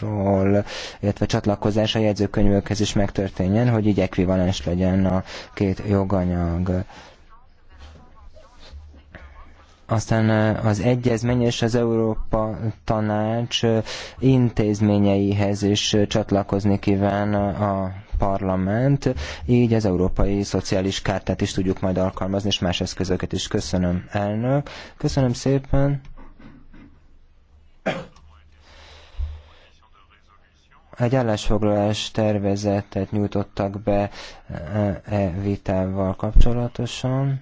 jogokról, illetve csatlakozás a jegyzőkönyvökhez is megtörténjen, hogy így ekvivalens legyen a két joganyag aztán az egyezmény és az Európa Tanács intézményeihez is csatlakozni kíván a parlament, így az Európai Szociális Kártát is tudjuk majd alkalmazni, és más eszközöket is. Köszönöm, elnök. Köszönöm szépen. egy állásfoglalás tervezetet nyújtottak be e, e vitával kapcsolatosan.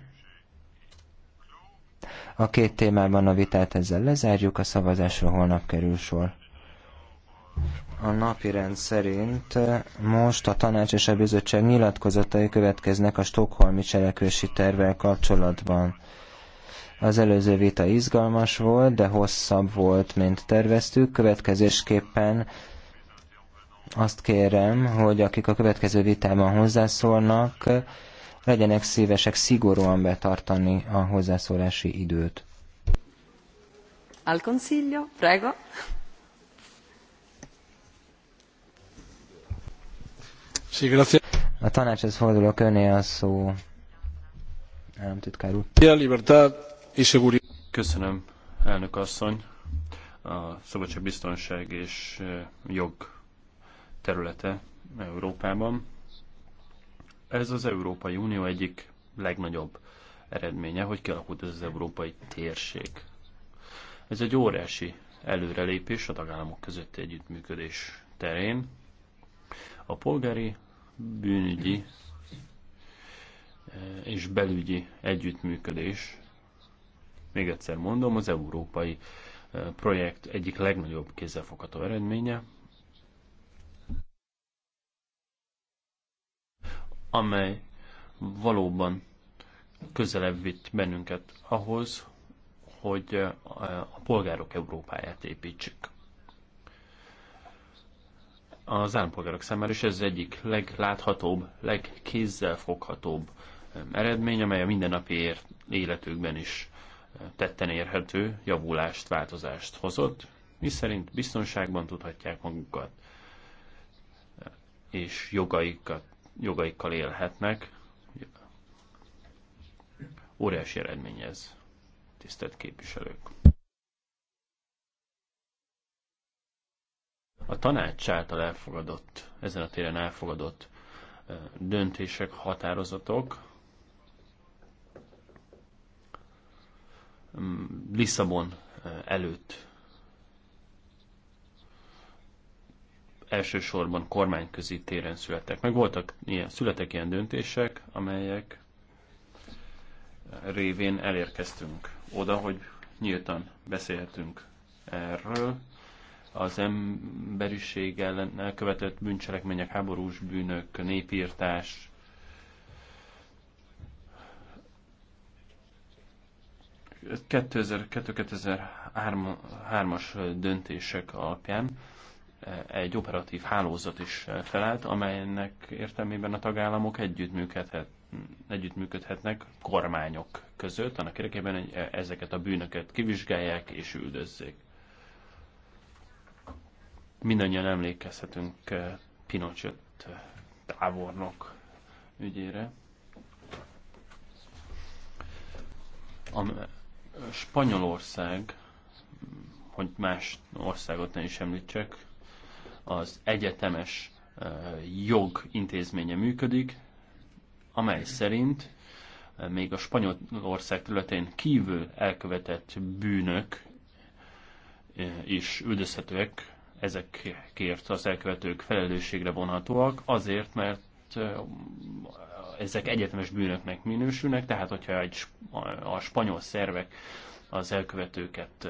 A két témában a vitát ezzel lezárjuk, a szavazásra holnap kerül sor. A rend szerint most a tanács és a bizottság nyilatkozatai következnek a stokholmi cselekvési tervvel kapcsolatban. Az előző vita izgalmas volt, de hosszabb volt, mint terveztük. Következésképpen azt kérem, hogy akik a következő vitában hozzászólnak, legyenek szívesek szigorúan betartani a hozzászólási időt. Al consiglio, prego. Sí, gracias. A tanácshoz fordulok, öné a szó. Államtitkár úr. Köszönöm, elnök asszony. A szabadság, biztonság és eh, jog területe Európában. Ez az Európai Unió egyik legnagyobb eredménye, hogy kialakult ez az európai térség. Ez egy óriási előrelépés a tagállamok közötti együttműködés terén. A polgári bűnügyi eh, és belügyi együttműködés, még egyszer mondom, az európai eh, projekt egyik legnagyobb kézzelfogható eredménye, amely valóban közelebb vitt bennünket ahhoz, hogy a polgárok Európáját építsük. Az állampolgárok számára is ez egyik legláthatóbb, legkézzelfoghatóbb eredmény, amely a mindennapi életükben is tetten érhető javulást, változást hozott, mi szerint biztonságban tudhatják magukat, és jogaikat jogaikkal élhetnek. Óriási eredmény ez, tisztelt képviselők. A tanács által elfogadott, ezen a téren elfogadott döntések, határozatok mm, Lisszabon előtt elsősorban kormányközi téren születtek. Meg voltak ilyen, születek ilyen döntések, amelyek révén elérkeztünk oda, hogy nyíltan beszélhetünk erről. Az emberiség ellen elkövetett bűncselekmények, háborús bűnök, népírtás, ...2002-2003-as döntések alapján egy operatív hálózat is felállt, amelynek értelmében a tagállamok együttműködhet, együttműködhetnek kormányok között, annak érdekében, hogy ezeket a bűnöket kivizsgálják és üldözzék. Mindannyian emlékezhetünk eh, Pinochet eh, tábornok ügyére. A Spanyolország, hogy más országot ne is említsek, az egyetemes jog intézménye működik, amely szerint még a Spanyolország területén kívül elkövetett bűnök is üldözhetőek, ezekért az elkövetők felelősségre vonhatóak, azért, mert ezek egyetemes bűnöknek minősülnek, tehát hogyha egy, a spanyol szervek az elkövetőket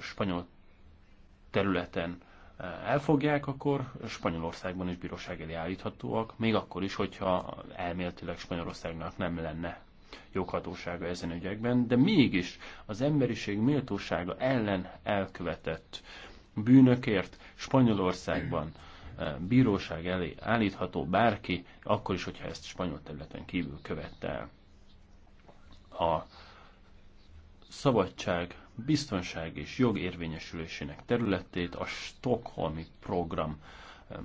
spanyol területen elfogják, akkor Spanyolországban is bíróság elé állíthatóak, még akkor is, hogyha elméletileg Spanyolországnak nem lenne joghatósága ezen ügyekben, de mégis az emberiség méltósága ellen elkövetett bűnökért Spanyolországban eh, bíróság elé állítható bárki, akkor is, hogyha ezt spanyol területen kívül követte el. A szabadság biztonság és jog érvényesülésének területét a Stockholmi program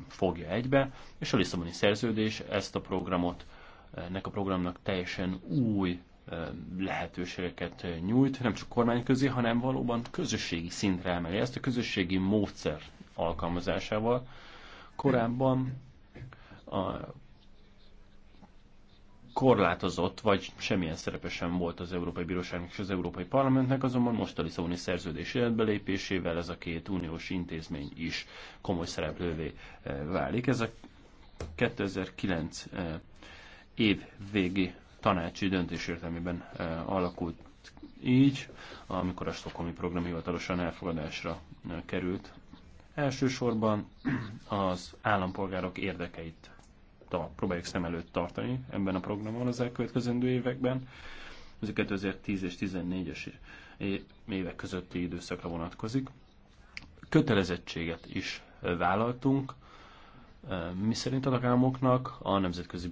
fogja egybe, és a Lisszaboni szerződés ezt a programot, ennek a programnak teljesen új lehetőségeket nyújt, nem csak kormányközi, hanem valóban közösségi szintre emeli ezt a közösségi módszer alkalmazásával. Korábban a korlátozott, vagy semmilyen szerepe sem volt az Európai Bíróságnak és az Európai Parlamentnek, azonban most a Lisszaboni szerződés életbelépésével ez a két uniós intézmény is komoly szereplővé eh, válik. Ez a 2009 eh, év végi tanácsi döntés értelmében eh, alakult így, amikor a Stokholmi Program hivatalosan elfogadásra került. Elsősorban az állampolgárok érdekeit próbáljuk szem előtt tartani ebben a programon az elkövetkezendő években. Ez a 2010 és 2014-es évek közötti időszakra vonatkozik. Kötelezettséget is vállaltunk, e, mi szerint a tagállamoknak a Nemzetközi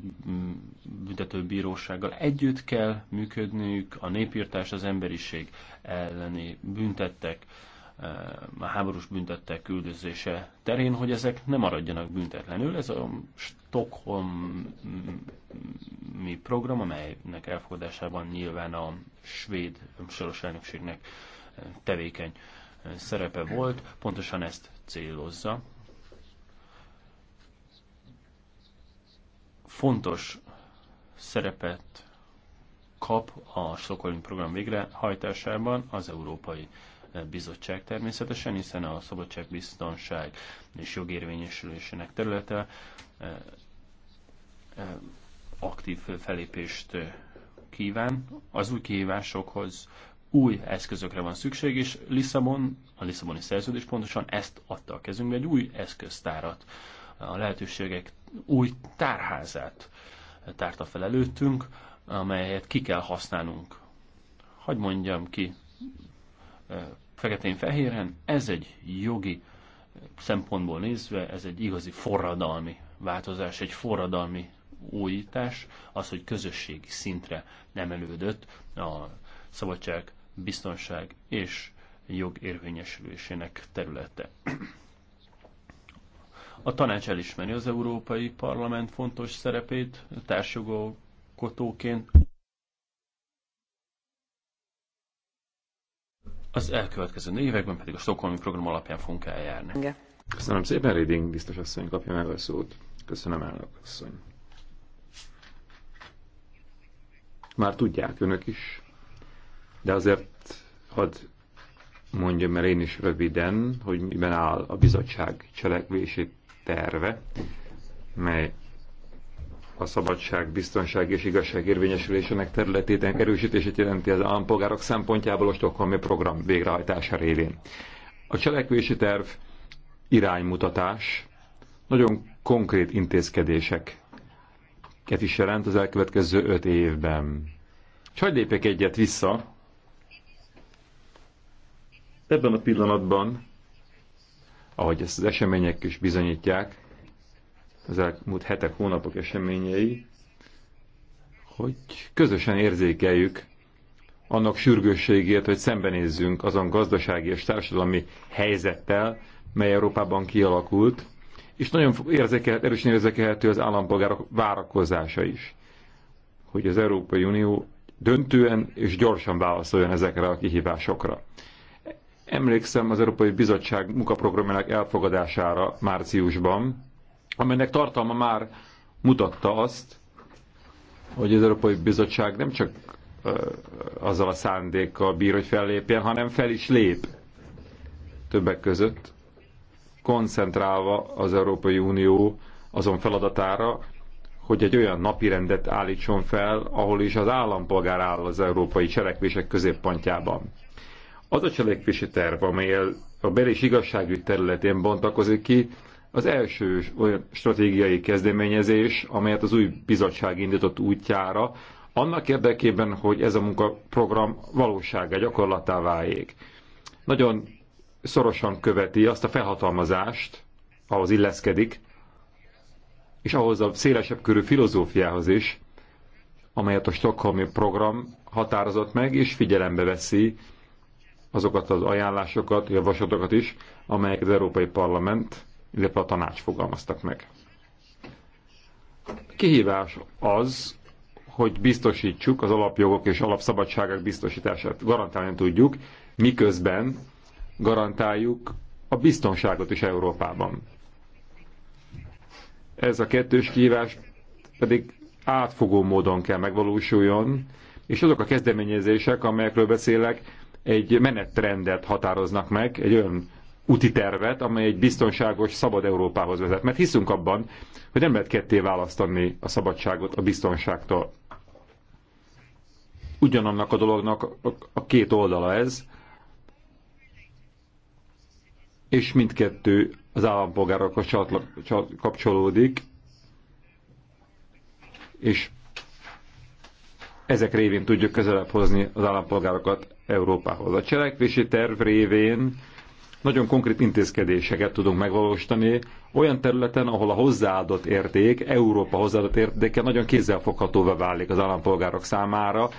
Büntetőbírósággal együtt kell működniük, a népírtás, az emberiség elleni büntettek a háborús büntettek küldözése terén, hogy ezek ne maradjanak büntetlenül. Ez a Stockholmi program, amelynek elfogadásában nyilván a svéd soros elnökségnek eh, tevékeny eh, szerepe volt, pontosan ezt célozza. Fontos szerepet kap a Stockholmi program végrehajtásában az európai bizottság természetesen, hiszen a szabadságbiztonság és jogérvényesülésének területe eh, eh, aktív felépést eh, kíván. Az új kihívásokhoz új eszközökre van szükség, és Lisszabon, a Lisszaboni szerződés pontosan ezt adta a kezünkbe, egy új eszköztárat, a lehetőségek új tárházát tárta fel előttünk, amelyet ki kell használnunk. Hagy mondjam ki feketén-fehéren, ez egy jogi szempontból nézve, ez egy igazi forradalmi változás, egy forradalmi újítás, az, hogy közösségi szintre nem elődött a szabadság, biztonság és jog érvényesülésének területe. A tanács elismeri az Európai Parlament fontos szerepét társjogalkotóként, Az elkövetkező években pedig a Stockholmi program alapján fogunk eljárni. Igen. Köszönöm szépen, reading biztos asszony kapja meg a szót. Köszönöm, elnök asszony. Már tudják önök is, de azért hadd mondjam el én is röviden, hogy miben áll a bizottság cselekvési terve, mely a szabadság, biztonság és igazság érvényesülésének területének erősítését jelenti az állampolgárok szempontjából a stokholmi program végrehajtása révén. A cselekvési terv iránymutatás, nagyon konkrét intézkedéseket is jelent az elkövetkező öt évben. És hagyd lépek egyet vissza. Ebben a pillanatban, ahogy ezt az események is bizonyítják, az elmúlt hetek, hónapok eseményei, hogy közösen érzékeljük annak sürgősségét, hogy szembenézzünk azon gazdasági és társadalmi helyzettel, mely Európában kialakult, és nagyon érzékelhet, erősen érzékelhető az állampolgárok várakozása is, hogy az Európai Unió döntően és gyorsan válaszoljon ezekre a kihívásokra. Emlékszem az Európai Bizottság munkaprogramjának elfogadására márciusban, amelynek tartalma már mutatta azt, hogy az Európai Bizottság nem csak azzal a szándékkal bír, hogy fellépjen, hanem fel is lép többek között, koncentrálva az Európai Unió azon feladatára, hogy egy olyan napirendet állítson fel, ahol is az állampolgár áll az európai cselekvések középpontjában. Az a cselekvési terv, amely a bel- és igazságügy területén bontakozik ki, az első olyan stratégiai kezdeményezés, amelyet az új bizottság indított útjára, annak érdekében, hogy ez a munkaprogram valósága gyakorlatá váljék. Nagyon szorosan követi azt a felhatalmazást, ahhoz illeszkedik, és ahhoz a szélesebb körű filozófiához is, amelyet a Stockholmi program határozott meg, és figyelembe veszi azokat az ajánlásokat, javaslatokat is, amelyek az Európai Parlament illetve a tanács fogalmaztak meg. Kihívás az, hogy biztosítsuk az alapjogok és alapszabadságok biztosítását. Garantálni tudjuk, miközben garantáljuk a biztonságot is Európában. Ez a kettős kihívás pedig átfogó módon kell megvalósuljon, és azok a kezdeményezések, amelyekről beszélek, egy menetrendet határoznak meg, egy olyan úti tervet, amely egy biztonságos, szabad Európához vezet. Mert hiszünk abban, hogy nem lehet ketté választani a szabadságot a biztonságtól. Ugyanannak a dolognak a két oldala ez, és mindkettő az állampolgárokhoz kapcsolódik, és ezek révén tudjuk közelebb hozni az állampolgárokat Európához. A cselekvési terv révén nagyon konkrét intézkedéseket tudunk megvalósítani olyan területen, ahol a hozzáadott érték, Európa hozzáadott értéke nagyon kézzelfoghatóvá válik az állampolgárok számára.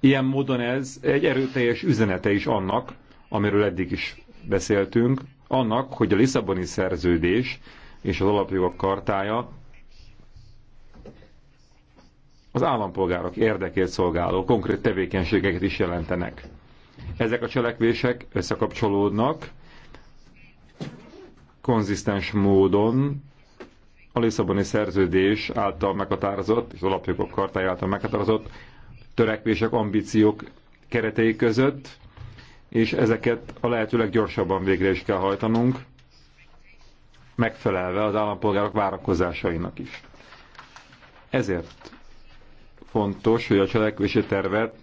Ilyen módon ez egy erőteljes üzenete is annak, amiről eddig is beszéltünk, annak, hogy a Lisszaboni szerződés és az alapjogok kartája az állampolgárok érdekét szolgáló konkrét tevékenységeket is jelentenek. Ezek a cselekvések összekapcsolódnak, konzisztens módon a Lisszaboni szerződés által meghatározott, és az alapjogok kartája által meghatározott törekvések, ambíciók keretei között, és ezeket a lehetőleg gyorsabban végre is kell hajtanunk, megfelelve az állampolgárok várakozásainak is. Ezért fontos, hogy a cselekvési tervet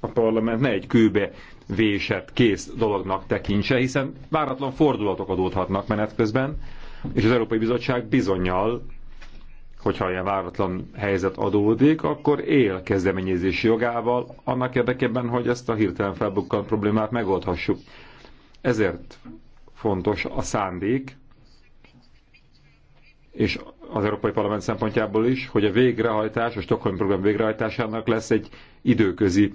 a parlament ne egy kőbe vésett, kész dolognak tekintse, hiszen váratlan fordulatok adódhatnak menet közben, és az Európai Bizottság bizonyal, hogyha ilyen váratlan helyzet adódik, akkor él kezdeményezési jogával annak érdekében, hogy ezt a hirtelen felbukkant problémát megoldhassuk. Ezért fontos a szándék, és az Európai Parlament szempontjából is, hogy a végrehajtás, a Stockholm program végrehajtásának lesz egy időközi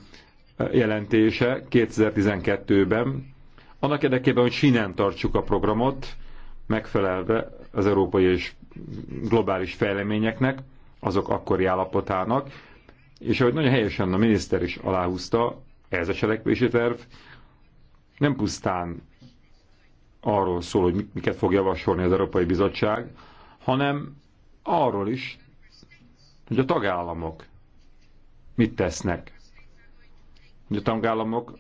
jelentése 2012-ben, annak érdekében, hogy sinen tartsuk a programot, megfelelve az európai és globális fejleményeknek, azok akkori állapotának, és ahogy nagyon helyesen a miniszter is aláhúzta, ez a cselekvési terv nem pusztán arról szól, hogy miket fog javasolni az Európai Bizottság, hanem arról is, hogy a tagállamok mit tesznek hogy a tagállamok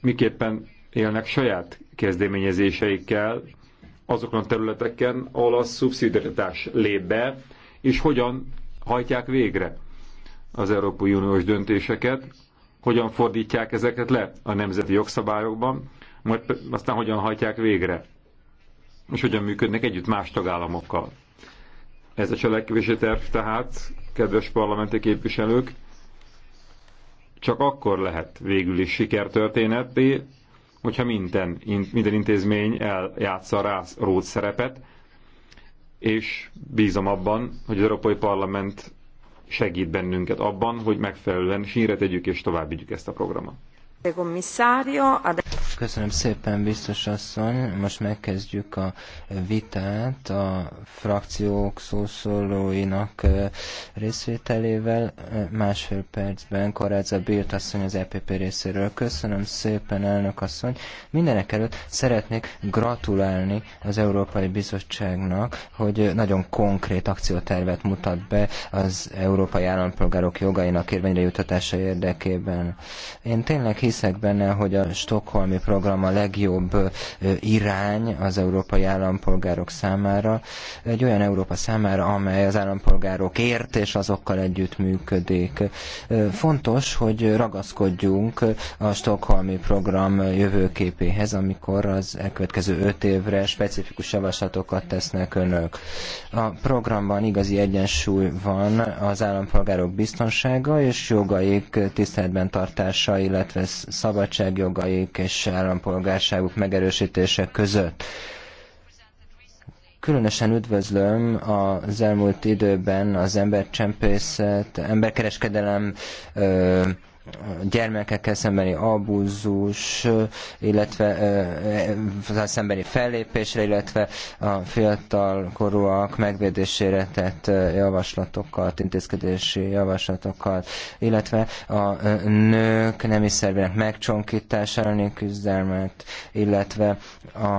miképpen élnek saját kezdeményezéseikkel azokon a területeken, ahol a szubszidiaritás lép be, és hogyan hajtják végre az Európai Uniós döntéseket, hogyan fordítják ezeket le a nemzeti jogszabályokban, majd aztán hogyan hajtják végre, és hogyan működnek együtt más tagállamokkal. Ez a cselekvési terv tehát, kedves parlamenti képviselők, csak akkor lehet végül is sikertörténeti, hogyha minden, minden intézmény eljátsza a rót szerepet, és bízom abban, hogy az Európai Parlament segít bennünket abban, hogy megfelelően sínre tegyük és tovább vigyük ezt a programot. Köszönöm szépen, biztos asszony. Most megkezdjük a vitát a frakciók szószólóinak részvételével. Másfél percben Karáza Bírt asszony az EPP részéről. Köszönöm szépen, elnök asszony. Mindenek előtt szeretnék gratulálni az Európai Bizottságnak, hogy nagyon konkrét akciótervet mutat be az európai állampolgárok jogainak érvényre jutatása érdekében. Én tényleg hiszek benne, hogy a Stokholmi program a legjobb irány az európai állampolgárok számára, egy olyan Európa számára, amely az állampolgárok ért és azokkal együtt működik. Fontos, hogy ragaszkodjunk a Stockholmi program jövőképéhez, amikor az elkövetkező öt évre specifikus javaslatokat tesznek önök. A programban igazi egyensúly van az állampolgárok biztonsága és jogaik tiszteletben tartása, illetve szabadságjogaik és állampolgárságuk megerősítése között. Különösen üdvözlöm az elmúlt időben az embercsempészet, emberkereskedelem, gyermekekkel szembeni abúzus, illetve a e, szembeni fellépésre, illetve a fiatal korúak megvédésére tett javaslatokat, intézkedési javaslatokat, illetve a nők nemi szervének megcsonkítására küzdelmet, illetve a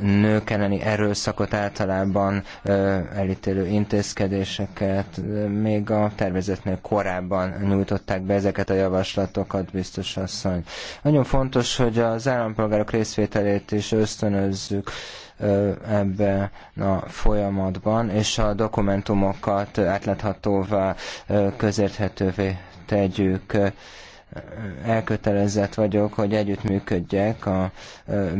nők elleni erőszakot általában elítélő intézkedéseket még a tervezetnél korábban nyújtották be ezeket a javaslatokat javaslatokat, biztos asszony. Nagyon fontos, hogy az állampolgárok részvételét is ösztönözzük ebben a folyamatban, és a dokumentumokat átláthatóvá, közérthetővé tegyük elkötelezett vagyok, hogy együttműködjek a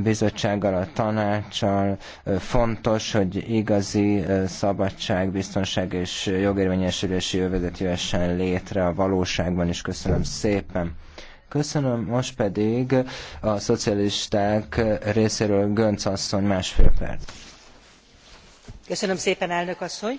bizottsággal, a tanácssal. Fontos, hogy igazi szabadság, biztonság és jogérvényesülési jövedet jöhessen létre a valóságban is. Köszönöm szépen! Köszönöm, most pedig a szocialisták részéről Gönc asszony másfél perc. Köszönöm szépen, elnök asszony!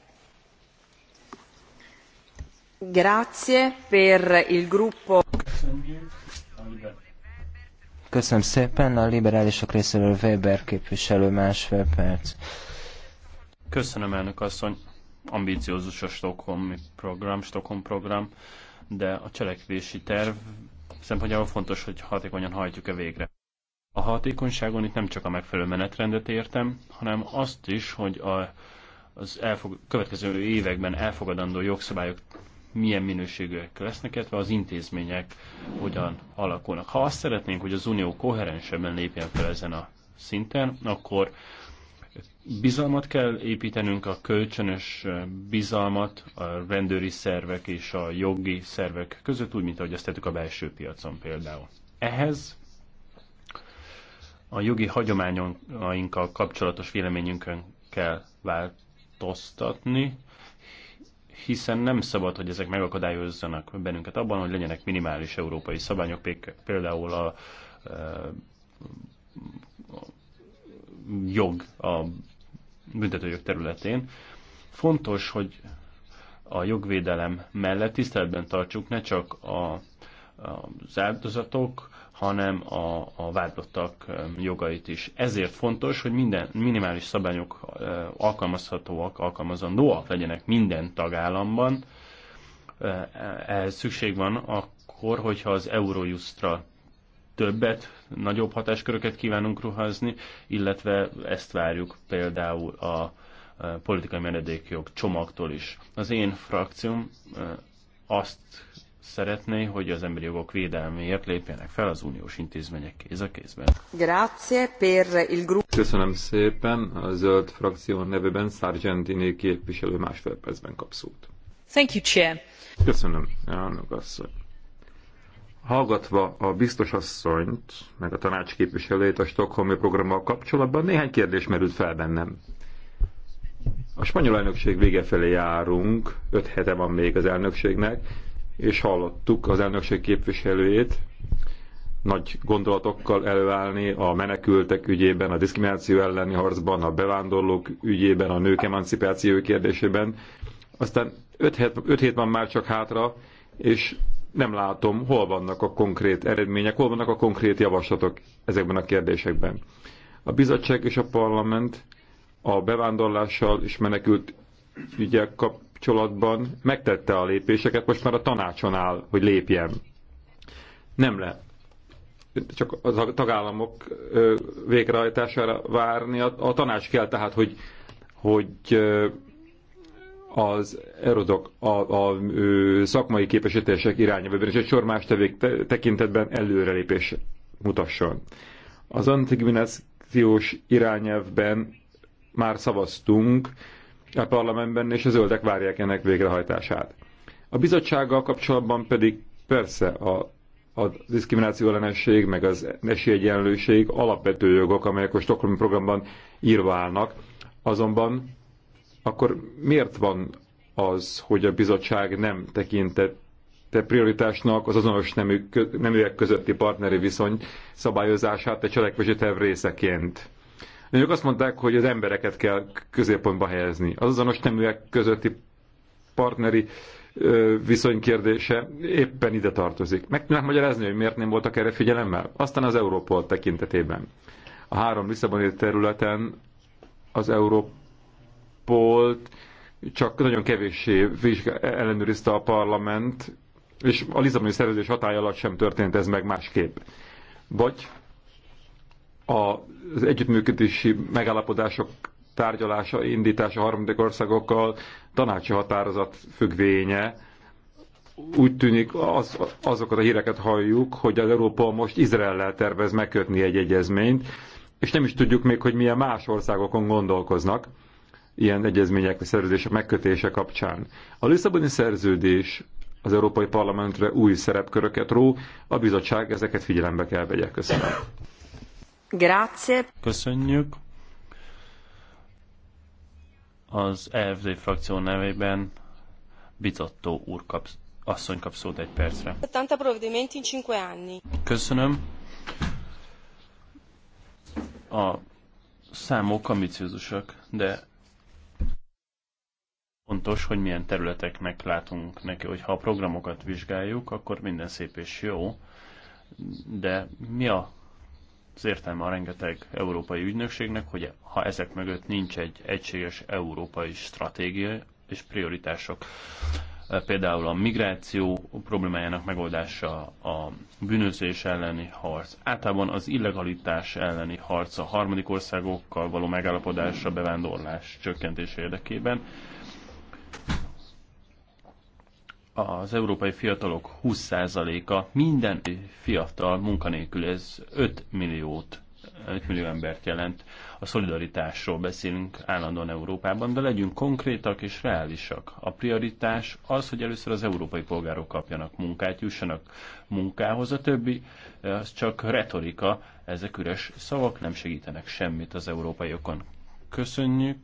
Köszönöm szépen a liberálisok részéről Weber képviselő másfél perc. Köszönöm elnök asszony. Ambíciózus a Stockholm program, Stockholm program, de a cselekvési terv szempontjából fontos, hogy hatékonyan hajtjuk-e végre. A hatékonyságon itt nem csak a megfelelő menetrendet értem, hanem azt is, hogy a, az elfog, következő években elfogadandó jogszabályok milyen minőségűek lesznek, illetve az intézmények hogyan alakulnak. Ha azt szeretnénk, hogy az Unió koherensebben lépjen fel ezen a szinten, akkor bizalmat kell építenünk, a kölcsönös bizalmat a rendőri szervek és a jogi szervek között, úgy, mint ahogy azt tettük a belső piacon például. Ehhez a jogi hagyományainkkal kapcsolatos véleményünkön kell változtatni, hiszen nem szabad, hogy ezek megakadályozzanak bennünket abban, hogy legyenek minimális európai szabályok, például a, a, e, a jog a büntetőjog területén. Fontos, hogy a jogvédelem mellett tiszteletben tartsuk ne csak a, az áldozatok, hanem a, a vádlottak um, jogait is. Ezért fontos, hogy minden minimális szabályok uh, alkalmazhatóak, alkalmazandóak legyenek minden tagállamban. Uh, ehhez szükség van akkor, hogyha az Eurojustra többet, nagyobb hatásköröket kívánunk ruházni, illetve ezt várjuk például a politikai menedékjog csomagtól is. Az én frakcióm uh, azt szeretné, hogy az emberi jogok védelméért lépjenek fel az uniós intézmények kéz a kézben. Grazie per il gruppo. Köszönöm szépen. A zöld frakció nevében Sargentini képviselő másfél percben kap szót. Thank you, Chair. Köszönöm, elnök asszony. Hallgatva a biztos asszonyt, meg a tanács képviselőjét a Stockholmi programmal kapcsolatban, néhány kérdés merült fel bennem. A spanyol elnökség vége felé járunk, öt hete van még az elnökségnek, és hallottuk az elnökség képviselőjét nagy gondolatokkal előállni a menekültek ügyében, a diszkrimináció elleni harcban, a bevándorlók ügyében, a nők emancipáció kérdésében. Aztán 5 hét, van már csak hátra, és nem látom, hol vannak a konkrét eredmények, hol vannak a konkrét javaslatok ezekben a kérdésekben. A bizottság és a parlament a bevándorlással és menekült ügyek kapcsolatban megtette a lépéseket, most már a tanácson áll, hogy lépjen. Nem le, csak a tagállamok végrehajtására várni. A tanács kell tehát, hogy, hogy az erodok a, a, a szakmai képesítések irányában és egy sor más tevék tekintetben előrelépés mutasson. Az antigminációs irányelvben már szavaztunk, a parlamentben, és a zöldek várják ennek végrehajtását. A bizottsággal kapcsolatban pedig persze a, a diszkrimináció ellenesség, meg az esélyegyenlőség alapvető jogok, amelyek a Stockholmi programban írva állnak. Azonban akkor miért van az, hogy a bizottság nem tekintett te prioritásnak az azonos nemű, neműek közötti partneri viszony szabályozását egy cselekvési terv részeként. Önök azt mondták, hogy az embereket kell középpontba helyezni. Az azonos neműek közötti partneri viszony kérdése éppen ide tartozik. Meg tudnak magyarázni, hogy miért nem voltak erre figyelemmel? Aztán az Európol tekintetében. A három Lisszaboni területen az Európolt csak nagyon kevéssé ellenőrizte a parlament, és a Lisszaboni szerződés hatája alatt sem történt ez meg másképp. Vagy az együttműködési megállapodások tárgyalása, indítása harmadik országokkal tanácsi határozat függvénye. Úgy tűnik, az, azokat a híreket halljuk, hogy az Európa most Izraellel tervez megkötni egy egyezményt, és nem is tudjuk még, hogy milyen más országokon gondolkoznak ilyen egyezmények vagy szerződések megkötése kapcsán. A Lisszaboni szerződés az Európai Parlamentre új szerepköröket ró, a bizottság ezeket figyelembe kell vegye. Köszönöm. Grazie. Köszönjük. Az EFD frakció nevében Bizottó úr kap, asszony kap szót egy percre. Köszönöm. A számok ambiciózusak, de fontos, hogy milyen területeknek látunk neki, hogy ha a programokat vizsgáljuk, akkor minden szép és jó, de mi a az értelme a rengeteg európai ügynökségnek, hogy ha ezek mögött nincs egy egységes európai stratégia és prioritások, például a migráció problémájának megoldása, a bűnözés elleni harc, általában az illegalitás elleni harc, a harmadik országokkal való megállapodásra, bevándorlás csökkentés érdekében, az európai fiatalok 20%-a minden fiatal munkanélkül, ez 5 milliót 5 millió embert jelent. A szolidaritásról beszélünk állandóan Európában, de legyünk konkrétak és reálisak. A prioritás az, hogy először az európai polgárok kapjanak munkát, jussanak munkához, a többi az csak retorika, ezek üres szavak nem segítenek semmit az európaiokon. Köszönjük!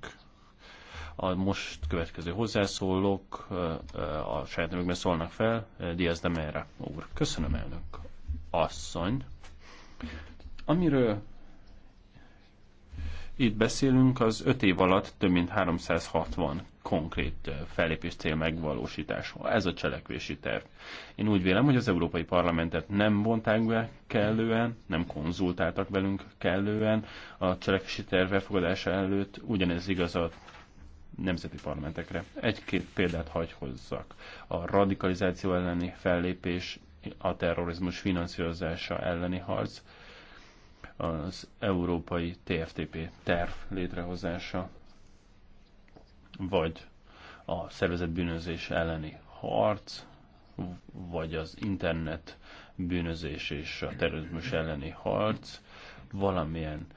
A most következő hozzászólók a saját nevükben szólnak fel. Diaz de Mera úr. Köszönöm, elnök asszony. Amiről itt beszélünk, az öt év alatt több mint 360 konkrét fellépés cél megvalósítása. Ez a cselekvési terv. Én úgy vélem, hogy az Európai Parlamentet nem vonták be kellően, nem konzultáltak velünk kellően a cselekvési terv elfogadása előtt. Ugyanez igaz a nemzeti parlamentekre. Egy-két példát hagy hozzak. A radikalizáció elleni fellépés, a terrorizmus finanszírozása elleni harc, az európai TFTP terv létrehozása, vagy a szervezetbűnözés bűnözés elleni harc, vagy az internet bűnözés és a terrorizmus elleni harc, valamilyen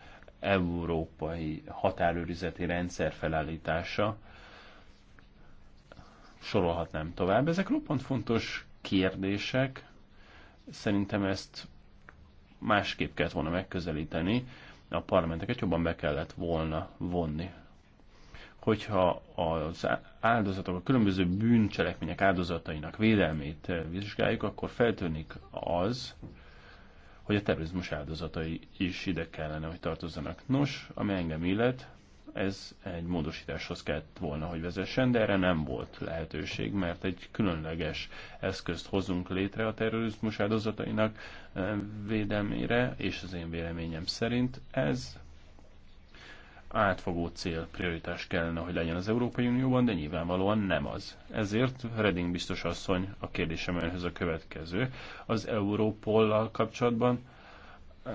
európai határőrizeti rendszer felállítása, sorolhatnám tovább. Ezek roppant fontos kérdések, szerintem ezt másképp kellett volna megközelíteni, a parlamenteket jobban be kellett volna vonni. Hogyha az áldozatok, a különböző bűncselekmények áldozatainak védelmét vizsgáljuk, akkor feltűnik az, hogy a terrorizmus áldozatai is ide kellene, hogy tartozzanak. Nos, ami engem illet, ez egy módosításhoz kellett volna, hogy vezessen, de erre nem volt lehetőség, mert egy különleges eszközt hozunk létre a terrorizmus áldozatainak eh, védelmére, és az én véleményem szerint ez átfogó cél prioritás kellene, hogy legyen az Európai Unióban, de nyilvánvalóan nem az. Ezért Reding biztos asszony a kérdésem önhöz a következő. Az Európollal kapcsolatban eh,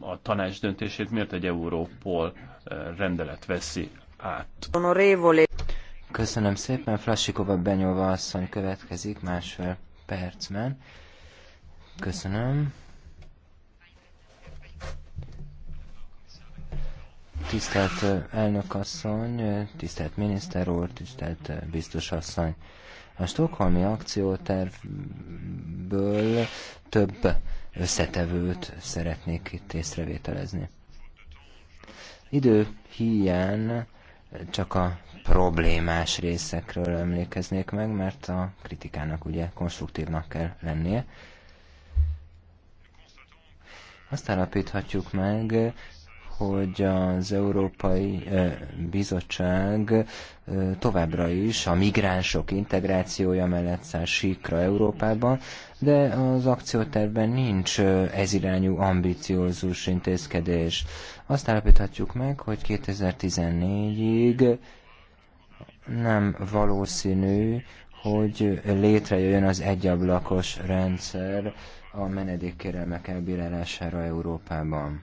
a tanács döntését miért egy Európol eh, rendelet veszi át? Köszönöm szépen, Flasikova Benyóva asszony következik másfél percben. Köszönöm. Tisztelt elnökasszony, tisztelt miniszter úr, tisztelt biztosasszony. A stokholmi akciótervből több összetevőt szeretnék itt észrevételezni. Idő hiány csak a problémás részekről emlékeznék meg, mert a kritikának ugye konstruktívnak kell lennie. Azt állapíthatjuk meg, hogy az Európai eh, Bizottság eh, továbbra is a migránsok integrációja mellett száll síkra Európában, de az akciótervben nincs eh, ezirányú ambiciózus intézkedés. Azt állapíthatjuk meg, hogy 2014-ig nem valószínű, hogy létrejöjjön az egyablakos rendszer a menedékkérelmek elbírálására Európában.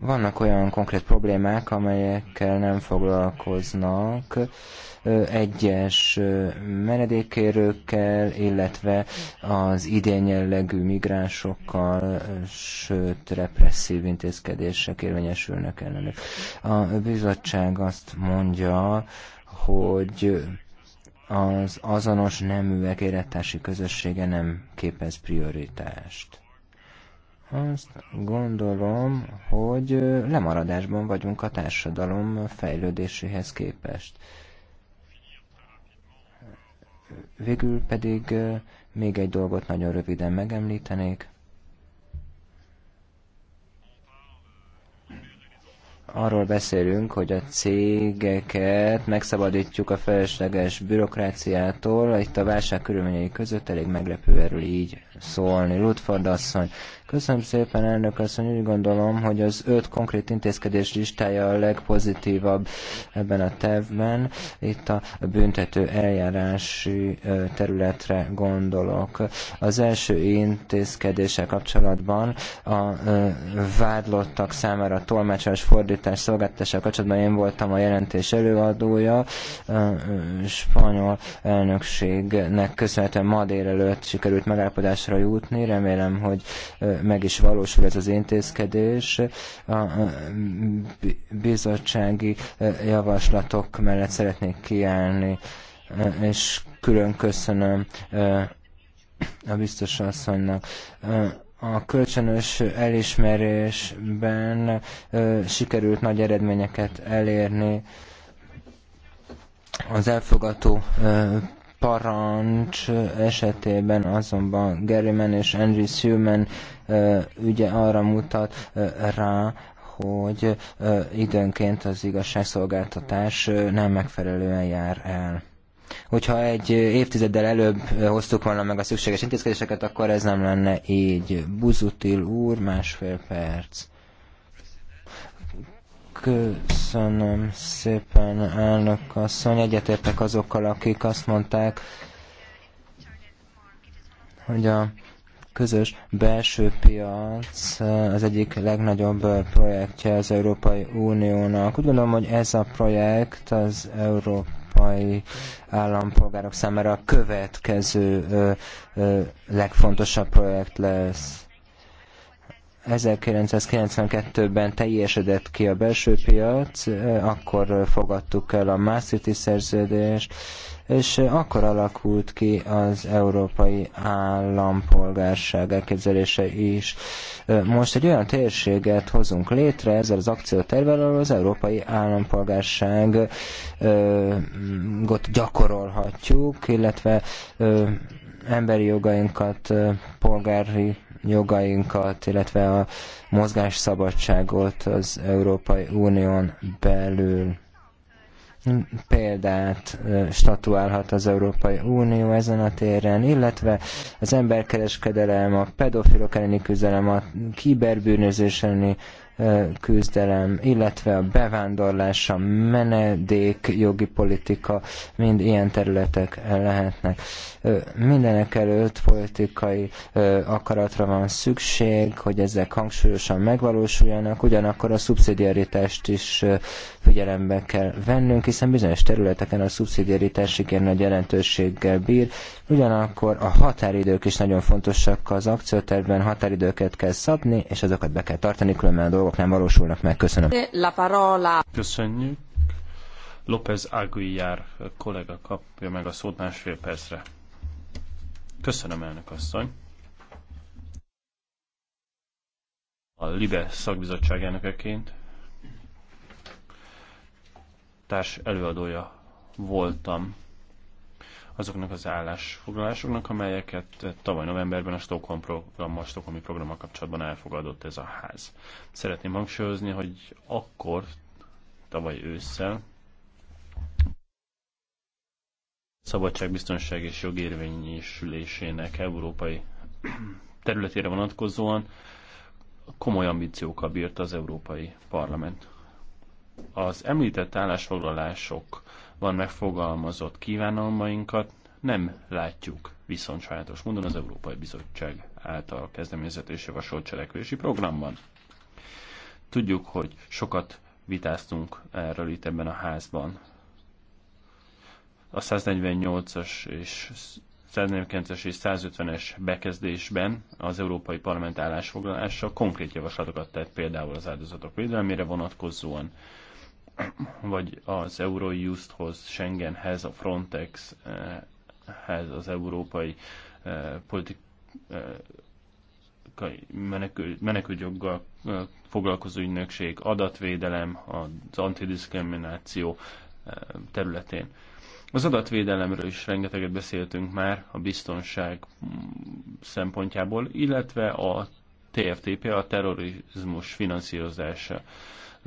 Vannak olyan konkrét problémák, amelyekkel nem foglalkoznak egyes menedékkérőkkel, illetve az idén jellegű migránsokkal, sőt represszív intézkedések érvényesülnek ellenük. A bizottság azt mondja, hogy az azonos neműek érettási közössége nem képez prioritást. Azt gondolom, hogy lemaradásban vagyunk a társadalom fejlődéséhez képest. Végül pedig még egy dolgot nagyon röviden megemlítenék. arról beszélünk, hogy a cégeket megszabadítjuk a felesleges bürokráciától, itt a válság körülményei között elég meglepő erről így szólni. Ludford asszony, köszönöm szépen elnök asszony, úgy gondolom, hogy az öt konkrét intézkedés listája a legpozitívabb ebben a tevben. Itt a büntető eljárási területre gondolok. Az első intézkedése kapcsolatban a vádlottak számára tolmácsás fordítása mobilitás szolgáltatással kapcsolatban én voltam a jelentés előadója. spanyol elnökségnek köszönhetően ma délelőtt sikerült megállapodásra jutni. Remélem, hogy meg is valósul ez az intézkedés. A bizottsági javaslatok mellett szeretnék kiállni, és külön köszönöm a biztos asszonynak a kölcsönös elismerésben sikerült nagy eredményeket elérni. Az elfogató parancs esetében azonban Gerryman és Andrew Suman ügye arra mutat rá, hogy időnként az igazságszolgáltatás nem megfelelően jár el. Hogyha egy évtizeddel előbb hoztuk volna meg a szükséges intézkedéseket, akkor ez nem lenne így. Buzutil úr, másfél perc. Köszönöm szépen, elnök asszony. Egyetértek azokkal, akik azt mondták, hogy a közös belső piac az egyik legnagyobb projektje az Európai Uniónak. Úgy gondolom, hogy ez a projekt az Európa európai állampolgárok számára a következő legfontosabb projekt lesz. 1992-ben teljesedett ki a belső piac, eh, akkor eh, fogadtuk el a Maastrichti szerződést, és eh, akkor alakult ki az európai állampolgárság elképzelése is. Most egy olyan térséget hozunk létre ezzel az akciótervel, ahol az európai állampolgárságot gyakorolhatjuk, illetve emberi jogainkat, polgári jogainkat, illetve a mozgásszabadságot az Európai Unión belül. Példát statuálhat az Európai Unió ezen a téren, illetve az emberkereskedelem, a pedofilok elleni küzdelem, a kiberbűnözés elleni küzdelem, illetve a bevándorlás, a menedék, jogi politika, mind ilyen területek lehetnek. Mindenek előtt politikai akaratra van szükség, hogy ezek hangsúlyosan megvalósuljanak, ugyanakkor a szubszidiaritást is figyelembe kell vennünk, hiszen bizonyos területeken a szubszidiaritás igen nagy jelentőséggel bír, ugyanakkor a határidők is nagyon fontosak az akciótervben, határidőket kell szabni, és azokat be kell tartani, különben a dolgok nem valósulnak meg. Köszönöm. La parola. Köszönjük. López Aguilar kollega kapja meg a szót másfél percre. Köszönöm, elnök asszony. A LIBE szakbizottságának elnökeként társ előadója voltam azoknak az állásfoglalásoknak, amelyeket tavaly novemberben a Stockholm programmal, Stockholmi programmal kapcsolatban elfogadott ez a ház. Szeretném hangsúlyozni, hogy akkor, tavaly ősszel, szabadságbiztonság és jogérvényesülésének európai területére vonatkozóan komoly ambíciókkal bírt az Európai Parlament az említett állásfoglalások van megfogalmazott kívánalmainkat nem látjuk viszont sajátos módon az Európai Bizottság által kezdeményezett és javasolt cselekvési programban. Tudjuk, hogy sokat vitáztunk erről itt ebben a házban. A 148-as és 149-es és 150-es bekezdésben az Európai Parlament állásfoglalása konkrét javaslatokat tett például az áldozatok védelmére vonatkozóan, vagy az Eurojusthoz, Schengenhez, a Frontexhez, az európai eh, politikai menekültjoggal eh, foglalkozó ügynökség, adatvédelem, az antidiskrimináció eh, területén. Az adatvédelemről is rengeteget beszéltünk már a biztonság szempontjából, illetve a TFTP, a terrorizmus finanszírozása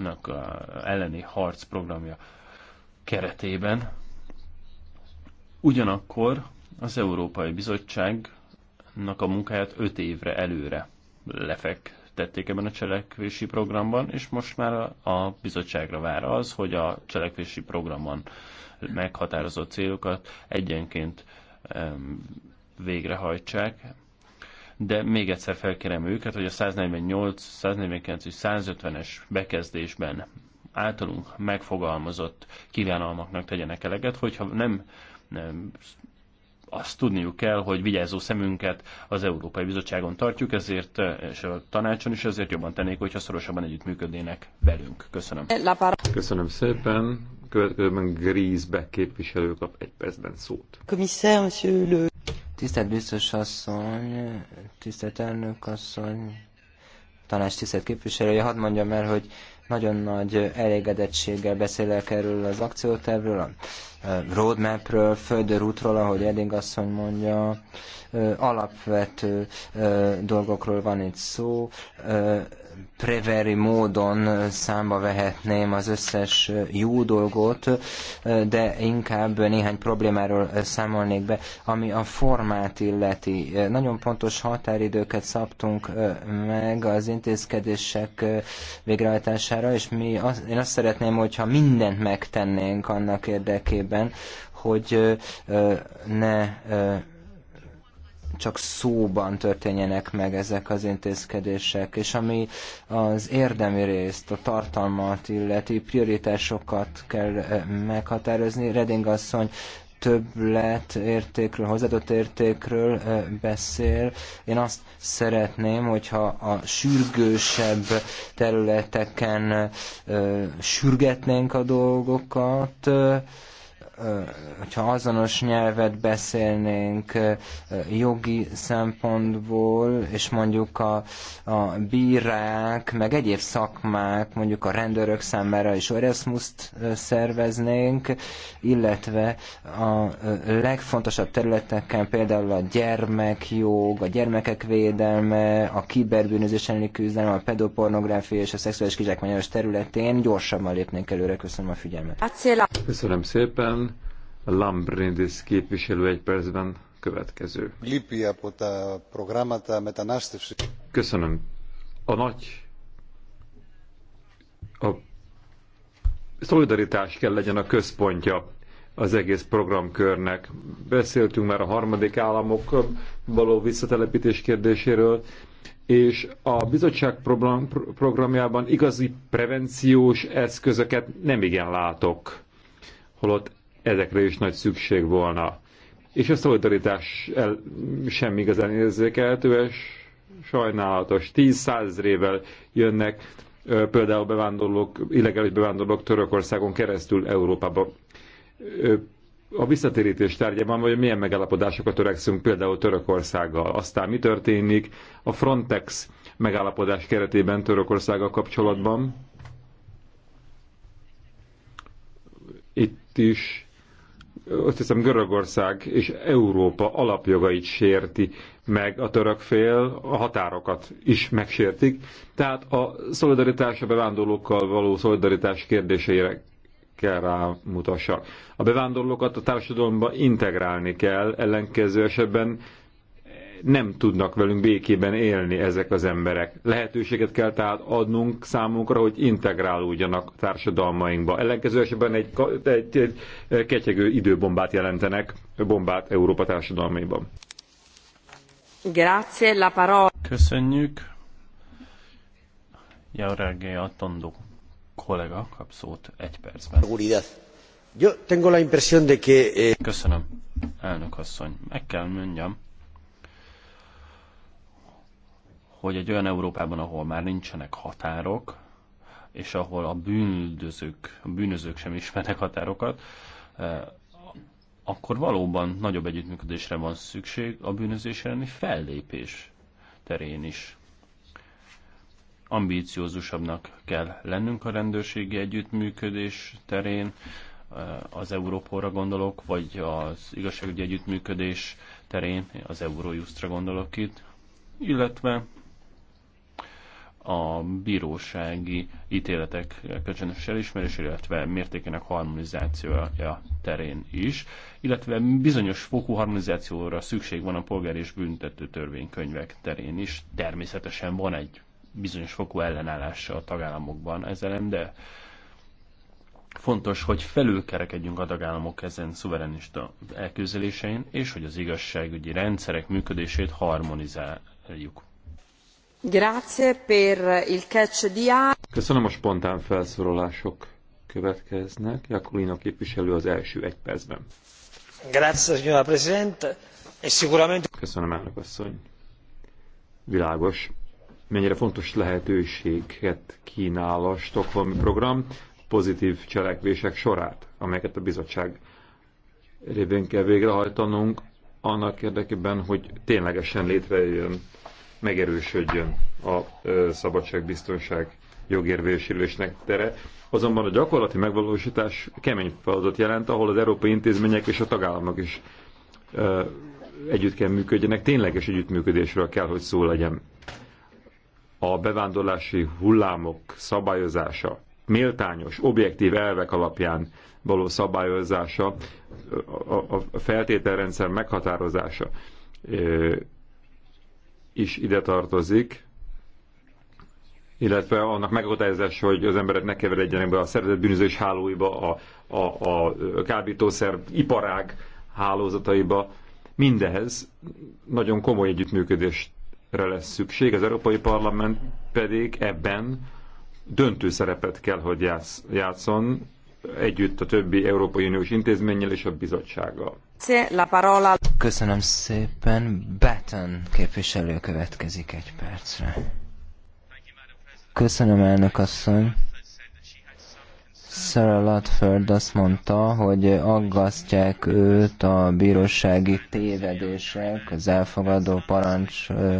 a elleni harc programja keretében. Ugyanakkor az Európai Bizottságnak a munkáját öt évre előre lefektették ebben a cselekvési programban, és most már a bizottságra vár az, hogy a cselekvési programban meghatározott célokat egyenként végrehajtsák, de még egyszer felkérem őket, hogy a 148, 149 és 150-es bekezdésben általunk megfogalmazott kívánalmaknak tegyenek eleget, hogyha nem, nem azt tudniuk kell, hogy vigyázó szemünket az Európai Bizottságon tartjuk, ezért és a tanácson is ezért jobban tennék, hogyha szorosabban együttműködnének velünk. Köszönöm. Köszönöm szépen. Következőben Grízbe képviselő kap egy percben szót. Tisztelt biztos asszony, tisztelt elnök asszony, tanács tisztelt képviselője, hadd mondjam el, hogy nagyon nagy elégedettséggel beszélek erről az akciótervről, a e, roadmapről, földörútról, ahogy Edding asszony mondja, e, alapvető e, dolgokról van itt szó, preveri módon számba vehetném az összes jó dolgot, de inkább néhány problémáról számolnék be, ami a formát illeti. Nagyon pontos határidőket szabtunk meg az intézkedések végrehajtására, és mi az, én azt szeretném, hogyha mindent megtennénk annak érdekében, hogy ne csak szóban történjenek meg ezek az intézkedések, és ami az érdemi részt, a tartalmat illeti prioritásokat kell eh, meghatározni. Reding asszony többlet értékről, hozzáadott értékről eh, beszél. Én azt szeretném, hogyha a sürgősebb területeken eh, sürgetnénk a dolgokat, hogyha azonos nyelvet beszélnénk jogi szempontból, és mondjuk a, a bírák, meg egyéb szakmák, mondjuk a rendőrök számára is Erasmus-t szerveznénk, illetve a legfontosabb területeken például a gyermekjog, a gyermekek védelme, a kiberbűnözés elleni küzdelem, a pedopornográfia és a szexuális kizsákmányos területén gyorsabban lépnénk előre. Köszönöm a figyelmet. Köszönöm szépen. Lambrinidis képviselő egy percben következő. Köszönöm. A nagy a szolidaritás kell legyen a központja az egész programkörnek. Beszéltünk már a harmadik államok való visszatelepítés kérdéséről, és a bizottság program, programjában igazi prevenciós eszközöket nem igen látok. Holott ezekre is nagy szükség volna. És a szolidaritás el, sem igazán érzékelhető, és sajnálatos. Tíz százrével jönnek például bevándorlók, illegális bevándorlók Törökországon keresztül Európába. A visszatérítés tárgyában, hogy milyen megállapodásokat törekszünk például Törökországgal. Aztán mi történik a Frontex megállapodás keretében Törökországgal kapcsolatban? Itt is azt hiszem Görögország és Európa alapjogait sérti meg a török fél, a határokat is megsértik. Tehát a szolidaritás a bevándorlókkal való szolidaritás kérdéseire kell rámutassak. A bevándorlókat a társadalomba integrálni kell, ellenkező esetben nem tudnak velünk békében élni ezek az emberek. Lehetőséget kell tehát adnunk számunkra, hogy integrálódjanak társadalmainkba. Ellenkező esetben egy, egy, egy ketyegő időbombát jelentenek, bombát Európa társadalmaiban. Grazie la parola. Köszönjük. Jaurege Attondó kollega kap szót egy percben. Yo tengo la impresión de que... Eh, Köszönöm, elnök asszony. Meg kell mondjam, hogy egy olyan Európában, ahol már nincsenek határok, és ahol a bűnözők, a bűnözők sem ismernek határokat, eh, akkor valóban nagyobb együttműködésre van szükség a bűnözés elleni fellépés terén is. Ambíciózusabbnak kell lennünk a rendőrségi együttműködés terén, eh, az Európóra gondolok, vagy az igazságügyi együttműködés terén, az Eurojustra gondolok itt, illetve a bírósági ítéletek kölcsönös elismerésére, illetve mértékének harmonizációja terén is, illetve bizonyos fokú harmonizációra szükség van a polgár és büntető törvénykönyvek terén is. Természetesen van egy bizonyos fokú ellenállás a tagállamokban ezzel, de fontos, hogy felülkerekedjünk a tagállamok ezen szuverenista elképzelésein, és hogy az igazságügyi rendszerek működését harmonizáljuk. Köszönöm a spontán felszólalások következnek. Jakulino képviselő az első egy percben. E Köszönöm, elnök asszony. Világos. Mennyire fontos lehetőséget kínál a Stockholmi program pozitív cselekvések sorát, amelyeket a bizottság révén kell végrehajtanunk annak érdekében, hogy ténylegesen létrejön megerősödjön a szabadságbiztonság jogérvésülésnek tere. Azonban a gyakorlati megvalósítás kemény feladat jelent, ahol az európai intézmények és a tagállamok is ö, együtt kell működjenek, tényleges együttműködésről kell, hogy szó legyen. A bevándorlási hullámok szabályozása, méltányos, objektív elvek alapján való szabályozása, a, a, a feltételrendszer meghatározása, is ide tartozik, illetve annak megakadályozás, hogy az emberek ne keveredjenek be a szervezett bűnözés hálóiba, a, a, a kábítószer iparág hálózataiba. Mindehez nagyon komoly együttműködésre lesz szükség. Az Európai Parlament pedig ebben döntő szerepet kell, hogy játsz, játszon, együtt a többi Európai Uniós intézménnyel és a bizottsággal. Köszönöm szépen. Batten képviselő következik egy percre. Köszönöm elnök asszony. Sarah Ludford azt mondta, hogy aggasztják őt a bírósági tévedések az elfogadó parancs ö,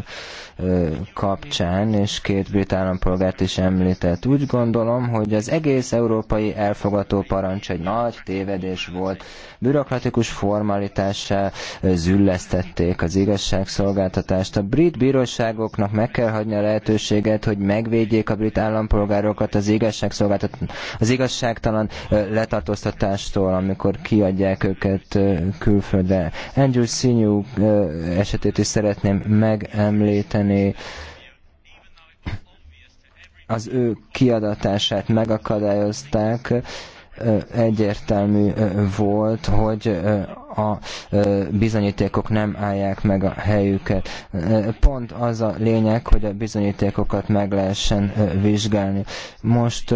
ö, kapcsán, és két brit állampolgárt is említett. Úgy gondolom, hogy az egész európai elfogadó parancs egy nagy tévedés volt. Bürokratikus formalitással züllesztették az igazságszolgáltatást. A brit bíróságoknak meg kell hagyni a lehetőséget, hogy megvédjék a brit állampolgárokat az igazságszolgáltatást. Az igazság igazságtalan letartóztatástól, amikor kiadják őket külföldre. Andrew Sinyú esetét is szeretném megemlíteni az ő kiadatását megakadályozták, egyértelmű volt, hogy a bizonyítékok nem állják meg a helyüket. Pont az a lényeg, hogy a bizonyítékokat meg lehessen vizsgálni. Most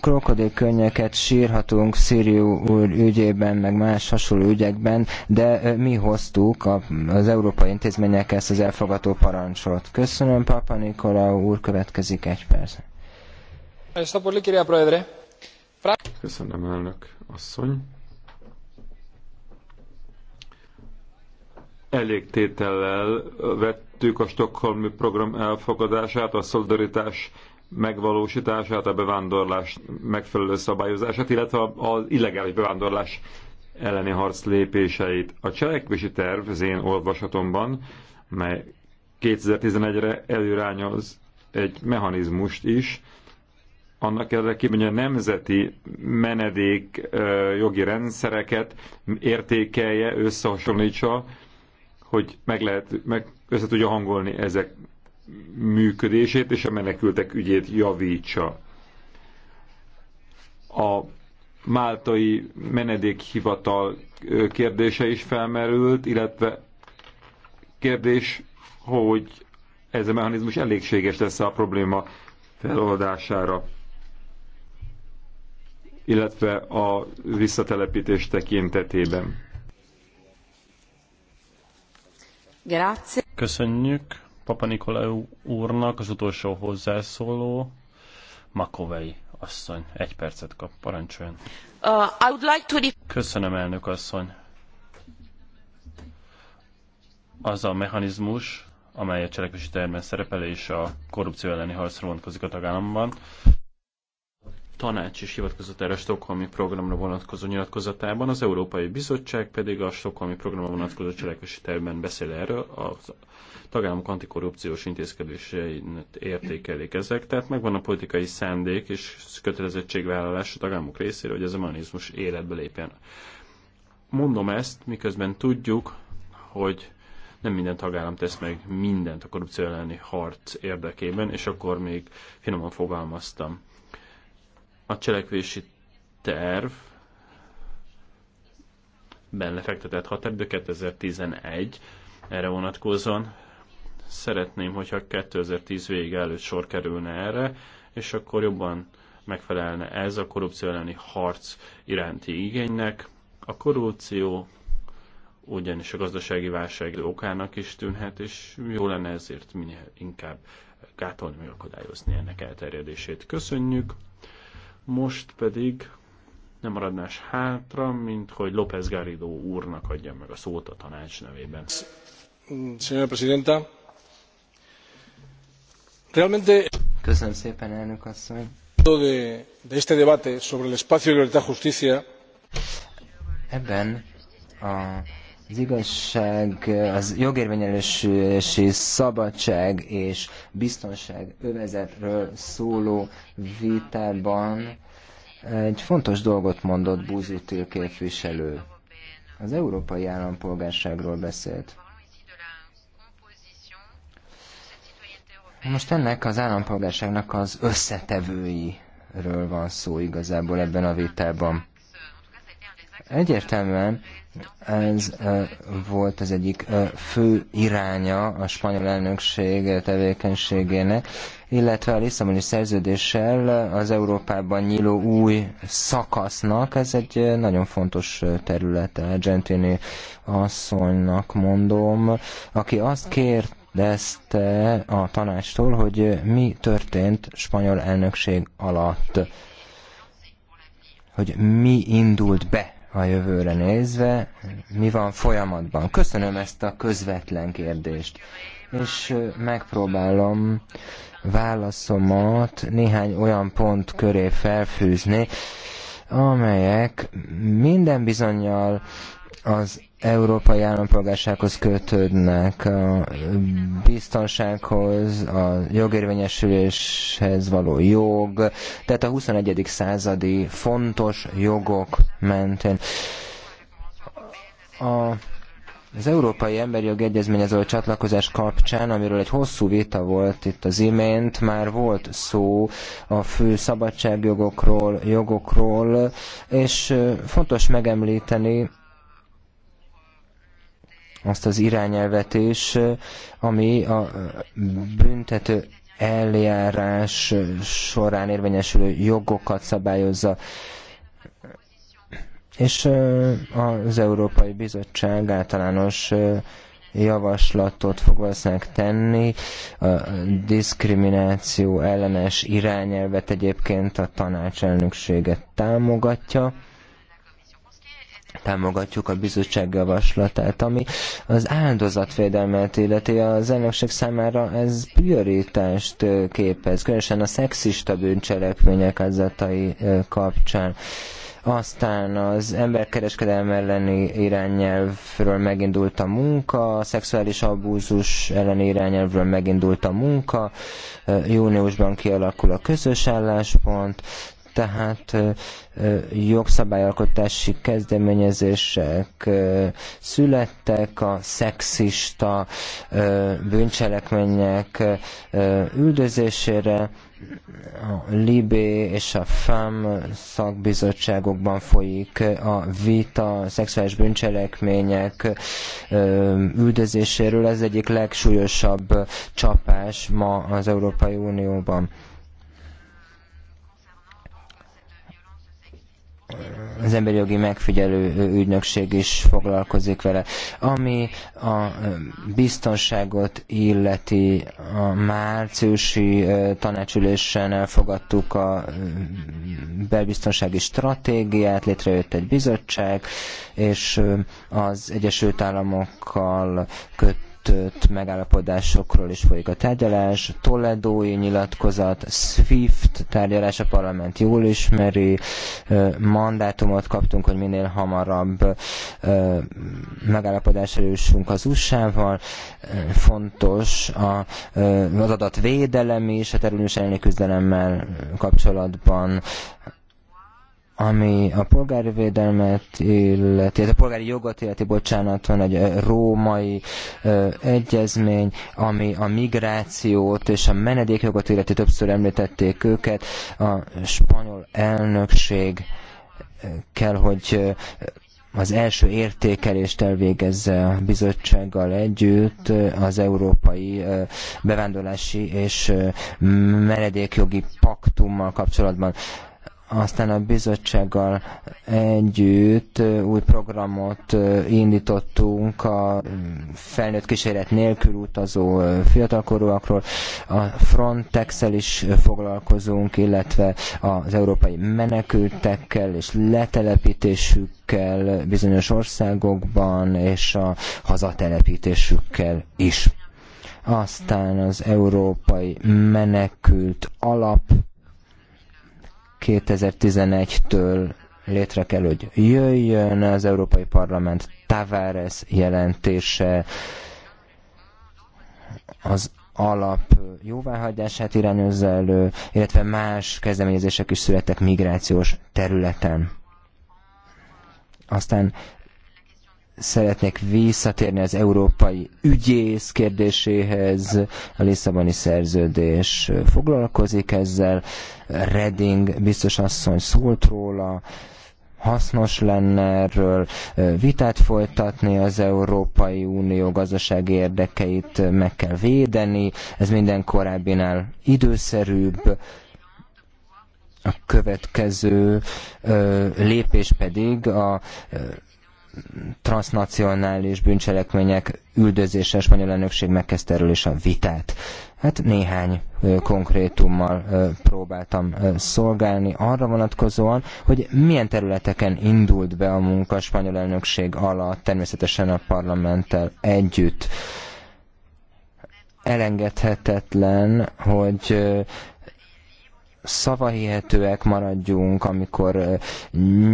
krokodilkönnyeket sírhatunk Szíriú úr ügyében, meg más hasonló ügyekben, de mi hoztuk az európai intézmények ezt az elfogató parancsot. Köszönöm, Papa Nikola úr, következik egy perc. Köszönöm, Köszönöm, elnök asszony. Elég tétellel vettük a Stockholmi program elfogadását, a szolidaritás megvalósítását, a bevándorlás megfelelő szabályozását, illetve az illegális bevándorlás elleni harc lépéseit. A cselekvési terv az én olvasatomban, mely 2011-re előrányoz egy mechanizmust is, annak érdekében, hogy a nemzeti menedék jogi rendszereket értékelje, összehasonlítsa, hogy meg lehet, meg össze tudja hangolni ezek működését és a menekültek ügyét javítsa. A máltai menedékhivatal kérdése is felmerült, illetve kérdés, hogy ez a mechanizmus elégséges lesz a probléma feloldására illetve a visszatelepítés tekintetében. Grazie. Köszönjük Papa Nikolaou úrnak az utolsó hozzászóló, Makovei asszony. Egy percet kap, parancsoljon. Uh, I would like to... Köszönöm, elnök asszony. Az a mechanizmus, amely a cselekvési termen szerepel és a korrupció elleni harcra vonatkozik a tagállamban, tanács is hivatkozott erre a stokholmi programra vonatkozó nyilatkozatában, az Európai Bizottság pedig a stokholmi programra vonatkozó cselekvési tervben beszél erről, a tagállamok antikorrupciós intézkedéseit értékelik ezek, tehát megvan a politikai szándék és kötelezettségvállalás a tagállamok részéről, hogy ez a mechanizmus életbe lépjen. Mondom ezt, miközben tudjuk, hogy nem minden tagállam tesz meg mindent a korrupció elleni harc érdekében, és akkor még finoman fogalmaztam a cselekvési terv ben lefektetett határidő 2011 erre vonatkozóan. Szeretném, hogyha 2010 végig előtt sor kerülne erre, és akkor jobban megfelelne ez a korrupció elleni harc iránti igénynek. A korrupció ugyanis a gazdasági válság okának is tűnhet, és jó lenne ezért minél inkább gátolni, megakadályozni ennek elterjedését. Köszönjük! Most pedig nem maradnás hátra, mint hogy López Garrido úrnak adja meg a szót a tanács nevében. Señora Presidenta, realmente... Köszönöm szépen, elnök asszony. De, de este debate sobre el espacio de libertad justicia. Ebben a az igazság, az jogérvényelősülési szabadság és biztonság övezetről szóló vitában egy fontos dolgot mondott Búzitil képviselő. Az európai állampolgárságról beszélt. Most ennek az állampolgárságnak az összetevőiről van szó igazából ebben a vitában. Egyértelműen ez volt az egyik fő iránya a spanyol elnökség tevékenységének, illetve a Lisszaboni szerződéssel az Európában nyíló új szakasznak, ez egy nagyon fontos területe, Gentini asszonynak mondom, aki azt kérdezte a tanácstól, hogy mi történt spanyol elnökség alatt, hogy mi indult be a jövőre nézve, mi van folyamatban. Köszönöm ezt a közvetlen kérdést, és megpróbálom válaszomat néhány olyan pont köré felfűzni, amelyek minden bizonyal az európai állampolgársághoz kötődnek, a biztonsághoz, a jogérvényesüléshez való jog, tehát a 21. századi fontos jogok mentén. A, az Európai Emberi Jogi Egyezményhez a csatlakozás kapcsán, amiről egy hosszú vita volt itt az imént, már volt szó a fő szabadságjogokról, jogokról, és fontos megemlíteni, azt az irányelvetés, ami a büntető eljárás során érvényesülő jogokat szabályozza. És az Európai Bizottság általános javaslatot fog valószínűleg tenni. A diszkrimináció ellenes irányelvet egyébként a tanácselnökséget támogatja támogatjuk a bizottság javaslatát, ami az áldozatvédelmet illeti az elnökség számára ez prioritást képez, különösen a szexista bűncselekmények áldozatai kapcsán aztán az emberkereskedelme elleni irányelvről megindult a munka, a szexuális abúzus elleni irányelvről megindult a munka, júniusban kialakul a közös álláspont, tehát jogszabályalkotási kezdeményezések születtek, a szexista bűncselekmények üldözésére, a Libé és a FAM szakbizottságokban folyik a vita a szexuális bűncselekmények üldözéséről. Ez egyik legsúlyosabb csapás ma az Európai Unióban. az emberi jogi megfigyelő ügynökség is foglalkozik vele. Ami a biztonságot illeti, a márciusi tanácsülésen elfogadtuk a belbiztonsági stratégiát, létrejött egy bizottság, és az Egyesült Államokkal köt kötött megállapodásokról is folyik a tárgyalás, Toledói nyilatkozat, SWIFT tárgyalás a parlament jól ismeri, mandátumot kaptunk, hogy minél hamarabb megállapodásra jussunk az USA-val, fontos a, az adatvédelem is, a terülős elleni küzdelemmel kapcsolatban ami a polgári védelmet illeti, a polgári jogot illeti, bocsánat, van egy eh, római ö, eh, egyezmény, ami a migrációt és a menedékjogot illeti, többször említették őket, a spanyol elnökség eh, kell, hogy az első értékelést elvégezze a bizottsággal együtt az európai bevándorlási és menedékjogi paktummal kapcsolatban aztán a bizottsággal együtt új programot indítottunk a felnőtt kíséret nélkül utazó fiatalkorúakról. A Frontex-el is foglalkozunk, illetve az európai menekültekkel és letelepítésükkel bizonyos országokban, és a hazatelepítésükkel is aztán az Európai Menekült Alap 2011-től létre kell, hogy jöjjön az Európai Parlament Tavares jelentése az alap jóváhagyását irányozza elő, illetve más kezdeményezések is születtek migrációs területen. Aztán szeretnék visszatérni az európai ügyész kérdéséhez. A Lisszaboni szerződés foglalkozik ezzel. Reding biztos asszony szólt róla hasznos lenne erről vitát folytatni, az Európai Unió gazdasági érdekeit meg kell védeni, ez minden korábbinál időszerűbb, a következő lépés pedig a transnacionális bűncselekmények üldözése a spanyol elnökség megkezdte erről is a vitát. Hát néhány konkrétummal próbáltam szolgálni arra vonatkozóan, hogy milyen területeken indult be a munka a spanyol elnökség alatt, természetesen a parlamenttel együtt elengedhetetlen, hogy szavahihetőek maradjunk, amikor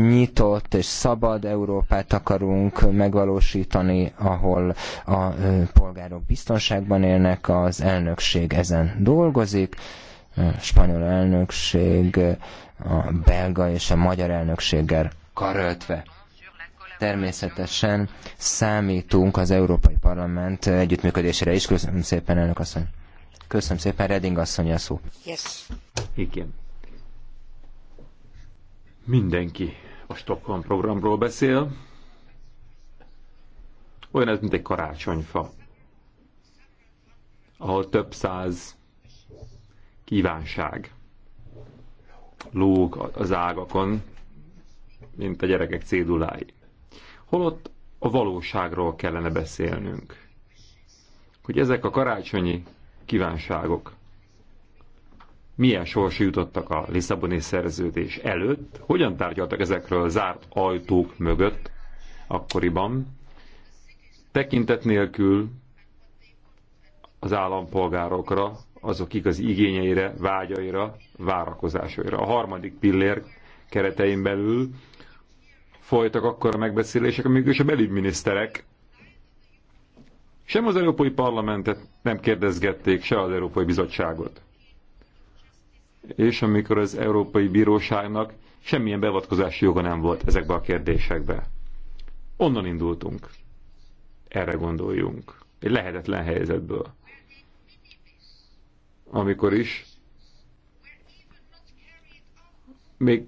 nyitott és szabad Európát akarunk megvalósítani, ahol a polgárok biztonságban élnek, az elnökség ezen dolgozik, a spanyol elnökség, a belga és a magyar elnökséggel karöltve természetesen számítunk az Európai Parlament együttműködésére is. Köszönöm szépen, elnök asszony! Köszönöm szépen, Reding asszony a szó. Yes. Igen. Mindenki a Stockholm programról beszél. Olyan ez, mint egy karácsonyfa, ahol több száz kívánság lóg az ágakon, mint a gyerekek cédulái. Holott a valóságról kellene beszélnünk. Hogy ezek a karácsonyi kívánságok milyen sorsra jutottak a Lisszaboni szerződés előtt, hogyan tárgyaltak ezekről zárt ajtók mögött akkoriban, tekintet nélkül az állampolgárokra, azok igazi igényeire, vágyaira, várakozásaira. A harmadik pillér keretein belül folytak akkor a megbeszélések, amikor is a belügyminiszterek sem az Európai Parlamentet nem kérdezgették, se az Európai Bizottságot. És amikor az Európai Bíróságnak semmilyen beavatkozási joga nem volt ezekbe a kérdésekbe. Onnan indultunk. Erre gondoljunk. Egy lehetetlen helyzetből. Amikor is még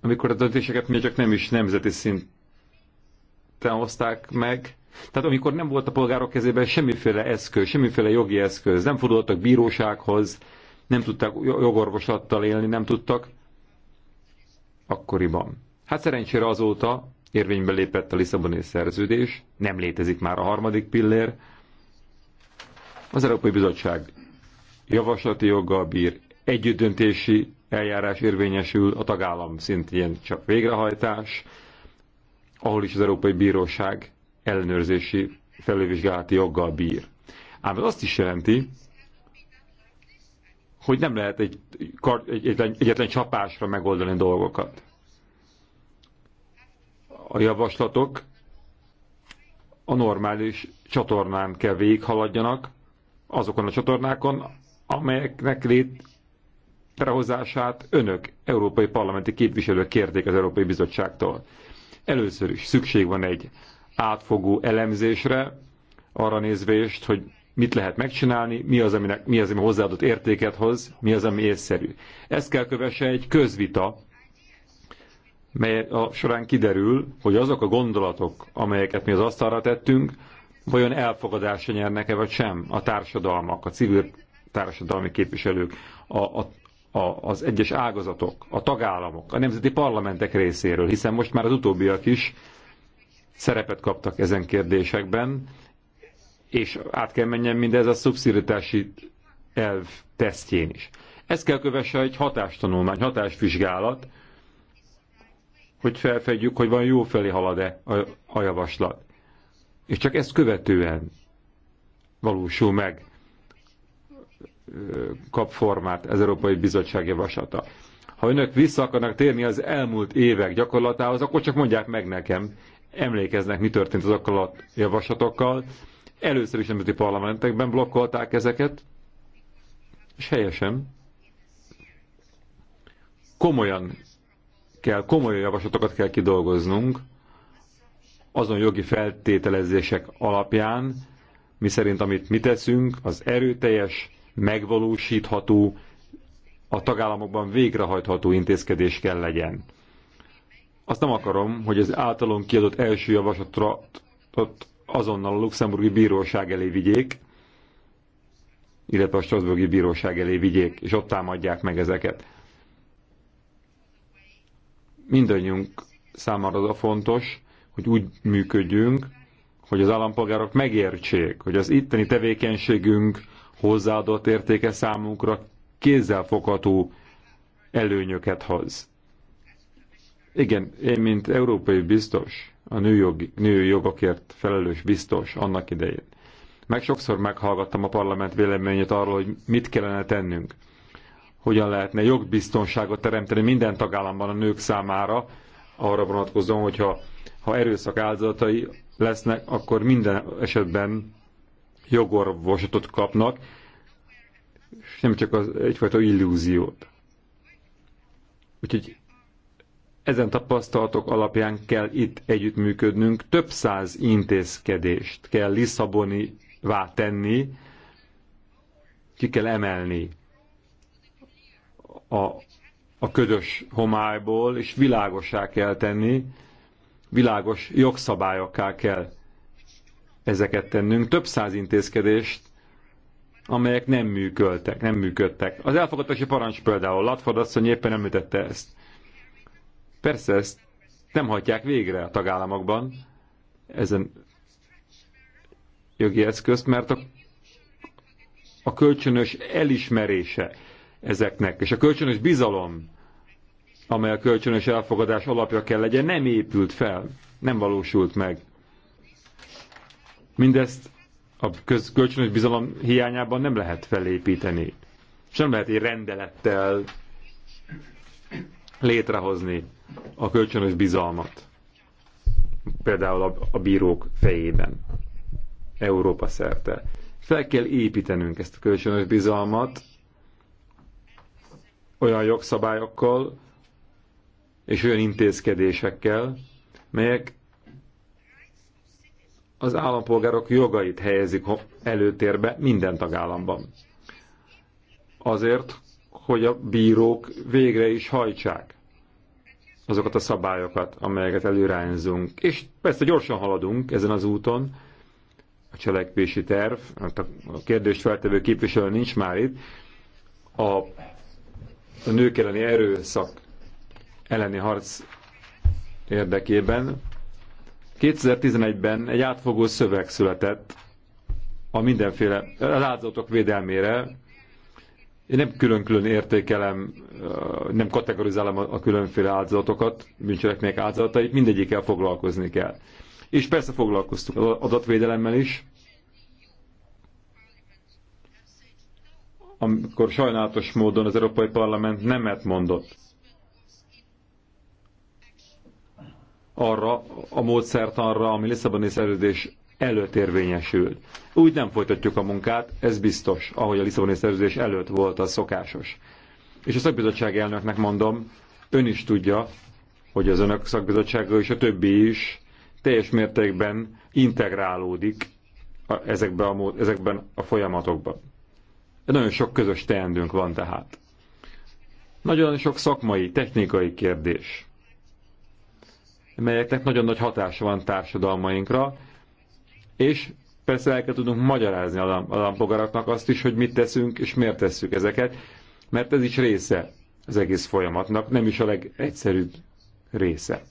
amikor a döntéseket még csak nem is nemzeti szinten hozták meg, tehát amikor nem volt a polgárok kezében semmiféle eszköz, semmiféle jogi eszköz, nem fordultak bírósághoz, nem tudtak jogorvosattal élni, nem tudtak, akkoriban. Hát szerencsére azóta érvénybe lépett a Lisszaboni szerződés, nem létezik már a harmadik pillér. Az Európai Bizottság javaslati joggal bír, együttdöntési eljárás érvényesül, a tagállam szintén csak végrehajtás, ahol is az Európai Bíróság ellenőrzési felülvizsgálati joggal bír. Ám ez azt is jelenti, hogy nem lehet egy, egy, egy, egyetlen csapásra megoldani dolgokat. A javaslatok a normális csatornán kell végighaladjanak, azokon a csatornákon, amelyeknek létrehozását önök, európai parlamenti képviselők kérték az Európai Bizottságtól. Először is szükség van egy átfogó elemzésre, arra nézvést, hogy mit lehet megcsinálni, mi az, aminek, mi az, ami hozzáadott értéket hoz, mi az, ami észszerű. Ezt kell kövesse egy közvita, mely a során kiderül, hogy azok a gondolatok, amelyeket mi az asztalra tettünk, vajon elfogadásra nyernek-e vagy sem a társadalmak, a civil társadalmi képviselők, a, a, a, az egyes ágazatok, a tagállamok, a nemzeti parlamentek részéről, hiszen most már az utóbbiak is szerepet kaptak ezen kérdésekben, és át kell menjen mindez a szubszidiaritási elv tesztjén is. Ezt kell kövesse egy hatástanulmány, hatásvizsgálat, hogy felfedjük, hogy van jó felé halad-e a, a javaslat. És csak ezt követően valósul meg, kap formát az Európai Bizottság javaslata. Ha önök vissza akarnak térni az elmúlt évek gyakorlatához, akkor csak mondják meg nekem emlékeznek, mi történt azokkal a javaslatokkal. Először is nemzeti parlamentekben blokkolták ezeket, és helyesen. Komolyan kell, komoly javaslatokat kell kidolgoznunk azon jogi feltételezések alapján, miszerint amit mi teszünk, az erőteljes, megvalósítható, a tagállamokban végrehajtható intézkedés kell legyen azt nem akarom, hogy az általon kiadott első javaslatra azonnal a luxemburgi bíróság elé vigyék, illetve a Strasburgi Bíróság elé vigyék, és ott támadják meg ezeket. Mindannyiunk számára az a fontos, hogy úgy működjünk, hogy az állampolgárok megértsék, hogy az itteni tevékenységünk hozzáadott értéke számunkra kézzelfogható előnyöket hoz. Igen, én, mint európai biztos, a nőjogi, nőjogokért felelős biztos annak idején, meg sokszor meghallgattam a parlament véleményét arról, hogy mit kellene tennünk, hogyan lehetne jogbiztonságot teremteni minden tagállamban a nők számára, arra vonatkozom, hogyha ha erőszak áldozatai lesznek, akkor minden esetben jogorvoslatot kapnak, és nem csak az egyfajta illúziót. Úgyhogy ezen tapasztalatok alapján kell itt együttműködnünk, több száz intézkedést kell Lisszaboni vá tenni, ki kell emelni a, a ködös homályból, és világosá kell tenni, világos jogszabályokká kell ezeket tennünk. Több száz intézkedést, amelyek nem működtek, nem működtek. Az elfogadási parancs például, Latford asszony éppen említette ezt. Persze ezt nem hagyják végre a tagállamokban ezen jogi eszközt, mert a, a kölcsönös elismerése ezeknek, és a kölcsönös bizalom, amely a kölcsönös elfogadás alapja kell legyen, nem épült fel, nem valósult meg. Mindezt a köz, kölcsönös bizalom hiányában nem lehet felépíteni. És nem lehet egy rendelettel létrehozni a kölcsönös bizalmat. Például a, a bírók fejében. Európa szerte. Fel kell építenünk ezt a kölcsönös bizalmat olyan jogszabályokkal és olyan intézkedésekkel, melyek az állampolgárok jogait helyezik előtérbe minden tagállamban. Azért, hogy a bírók végre is hajtsák azokat a szabályokat, amelyeket előrányzunk. És persze gyorsan haladunk ezen az úton, a cselekvési terv, a kérdést feltevő képviselő nincs már itt, a, a nők elleni erőszak elleni harc érdekében. 2011-ben egy átfogó szöveg született a mindenféle az áldozatok védelmére, én nem külön-külön értékelem, nem kategorizálom a különféle áldozatokat, bűncselekmények áldozatait, mindegyikkel foglalkozni kell. És persze foglalkoztunk az adatvédelemmel is, amikor sajnálatos módon az Európai Parlament nemet mondott arra a módszert arra, ami Lisszaboni szerződés előtt érvényesült. Úgy nem folytatjuk a munkát, ez biztos, ahogy a Lisszaboni szerződés előtt volt az szokásos. És a szakbizottság elnöknek mondom, ön is tudja, hogy az önök szakbizottsága és a többi is teljes mértékben integrálódik ezekben a, ezekben a folyamatokban. Nagyon sok közös teendőnk van tehát. Nagyon sok szakmai, technikai kérdés, melyeknek nagyon nagy hatása van társadalmainkra, és persze el kell tudnunk magyarázni a lampogaraknak azt is, hogy mit teszünk és miért tesszük ezeket, mert ez is része az egész folyamatnak, nem is a legegyszerűbb része.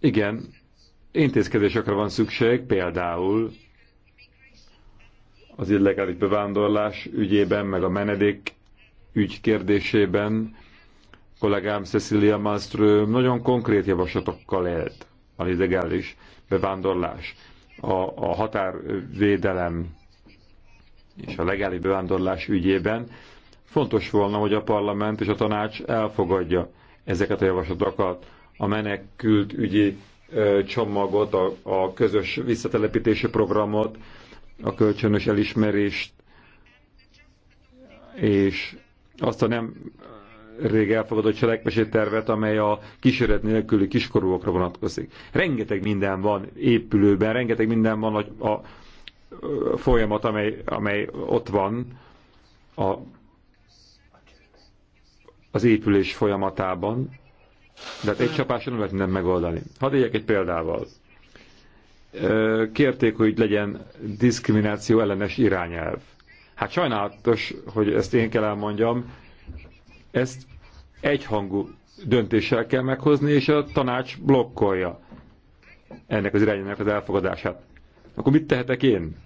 Igen, intézkedésekre van szükség, például az illegális bevándorlás ügyében, meg a menedék ügy kérdésében kollégám Cecilia Malmström nagyon konkrét javaslatokkal élt a idegális bevándorlás, a, a határvédelem és a legális bevándorlás ügyében. Fontos volna, hogy a parlament és a tanács elfogadja ezeket a javaslatokat, a menekült ügyi csomagot, a, a közös visszatelepítési programot, a kölcsönös elismerést, és azt a nem rég elfogadott cselekvési tervet, amely a kísérlet nélküli kiskorúakra vonatkozik. Rengeteg minden van épülőben, rengeteg minden van a, a folyamat, amely, amely ott van a, az épülés folyamatában, de hát egy csapásra nem lehet mindent megoldani. Hadd éljek egy példával. Kérték, hogy legyen diszkrimináció ellenes irányelv. Hát sajnálatos, hogy ezt én kell elmondjam, ezt egyhangú döntéssel kell meghozni, és a tanács blokkolja ennek az irányának az elfogadását. Akkor mit tehetek én?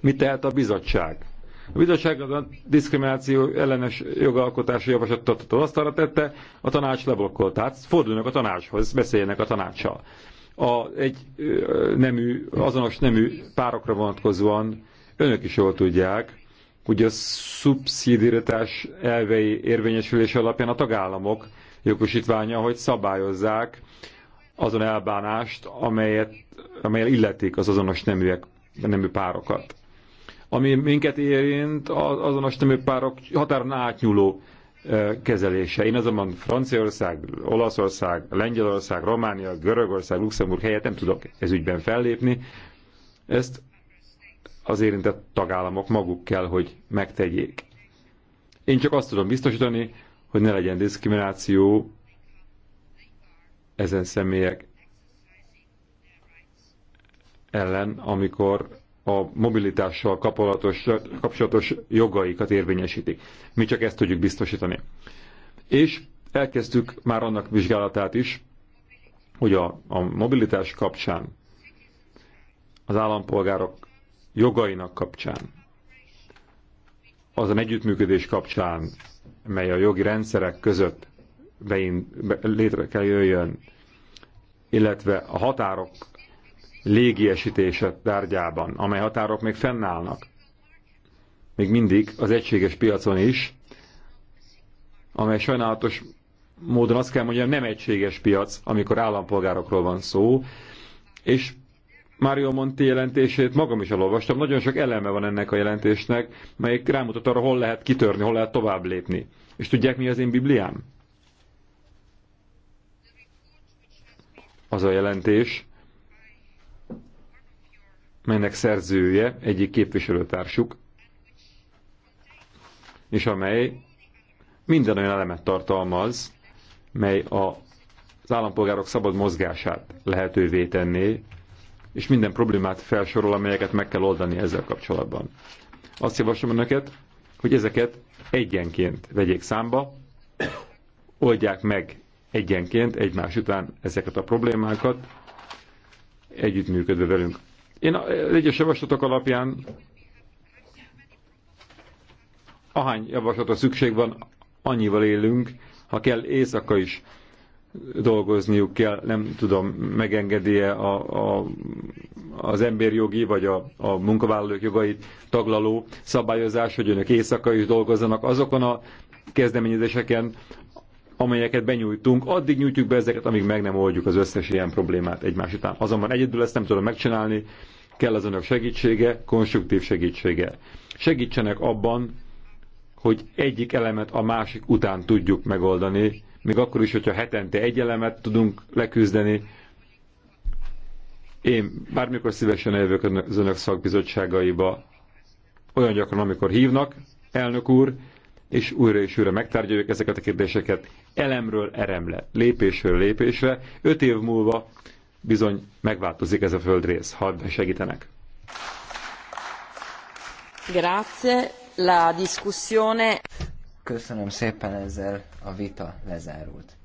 Mit tehet a bizottság? A bizottság a diszkrimináció ellenes jogalkotási javaslatot asztalra tette, a tanács leblokkolt. Tehát fordulnak a tanácshoz, beszéljenek a tanácssal. A, egy nemű, azonos nemű párokra vonatkozóan önök is jól tudják, hogy a szubszidiritás elvei érvényesülése alapján a tagállamok jogosítványa, hogy szabályozzák azon elbánást, amelyet, amelyel illetik az azonos neműek, nemű párokat. Ami minket érint, az azonos nemű párok határon átnyúló e, kezelése. Én azonban Franciaország, Olaszország, Lengyelország, Románia, Görögország, Luxemburg helyett nem tudok ez ügyben fellépni. Ezt az érintett tagállamok maguk kell, hogy megtegyék. Én csak azt tudom biztosítani, hogy ne legyen diszkrimináció ezen személyek ellen, amikor a mobilitással kapcsolatos, jogaikat érvényesítik. Mi csak ezt tudjuk biztosítani. És elkezdtük már annak vizsgálatát is, hogy a, a mobilitás kapcsán az állampolgárok jogainak kapcsán, azon együttműködés kapcsán, mely a jogi rendszerek között bein, be, létre kell jöjjön, illetve a határok légiesítése tárgyában, amely határok még fennállnak, még mindig az egységes piacon is, amely sajnálatos módon azt kell mondjam, nem egységes piac, amikor állampolgárokról van szó, és Mário Monti jelentését magam is elolvastam. Nagyon sok eleme van ennek a jelentésnek, melyik rámutat arra, hol lehet kitörni, hol lehet tovább lépni. És tudják, mi az én Bibliám? Az a jelentés, melynek szerzője egyik képviselőtársuk, és amely minden olyan elemet tartalmaz, mely a, az állampolgárok szabad mozgását lehetővé tenné, és minden problémát felsorol, amelyeket meg kell oldani ezzel kapcsolatban. Azt javaslom önöket, hogy ezeket egyenként vegyék számba, oldják meg egyenként egymás után ezeket a problémákat, együttműködve velünk. Én az egyes javaslatok alapján ahány javaslatra szükség van, annyival élünk, ha kell éjszaka is dolgozniuk kell, nem tudom, megengedi-e a, a, az emberjogi vagy a, a munkavállalók jogait taglaló szabályozás, hogy önök éjszaka is dolgozzanak azokon a kezdeményezéseken, amelyeket benyújtunk, addig nyújtjuk be ezeket, amíg meg nem oldjuk az összes ilyen problémát egymás után. Azonban egyedül ezt nem tudom megcsinálni, kell az önök segítsége, konstruktív segítsége. Segítsenek abban, hogy egyik elemet a másik után tudjuk megoldani, még akkor is, hogyha hetente egy elemet tudunk leküzdeni. Én bármikor szívesen eljövök az önök szakbizottságaiba, olyan gyakran, amikor hívnak, elnök úr, és újra és újra megtárgyaljuk ezeket a kérdéseket elemről eremle, lépésről lépésre. Öt év múlva bizony megváltozik ez a földrész, ha segítenek. Grazie. La discussione. Köszönöm szépen, ezzel a vita lezárult.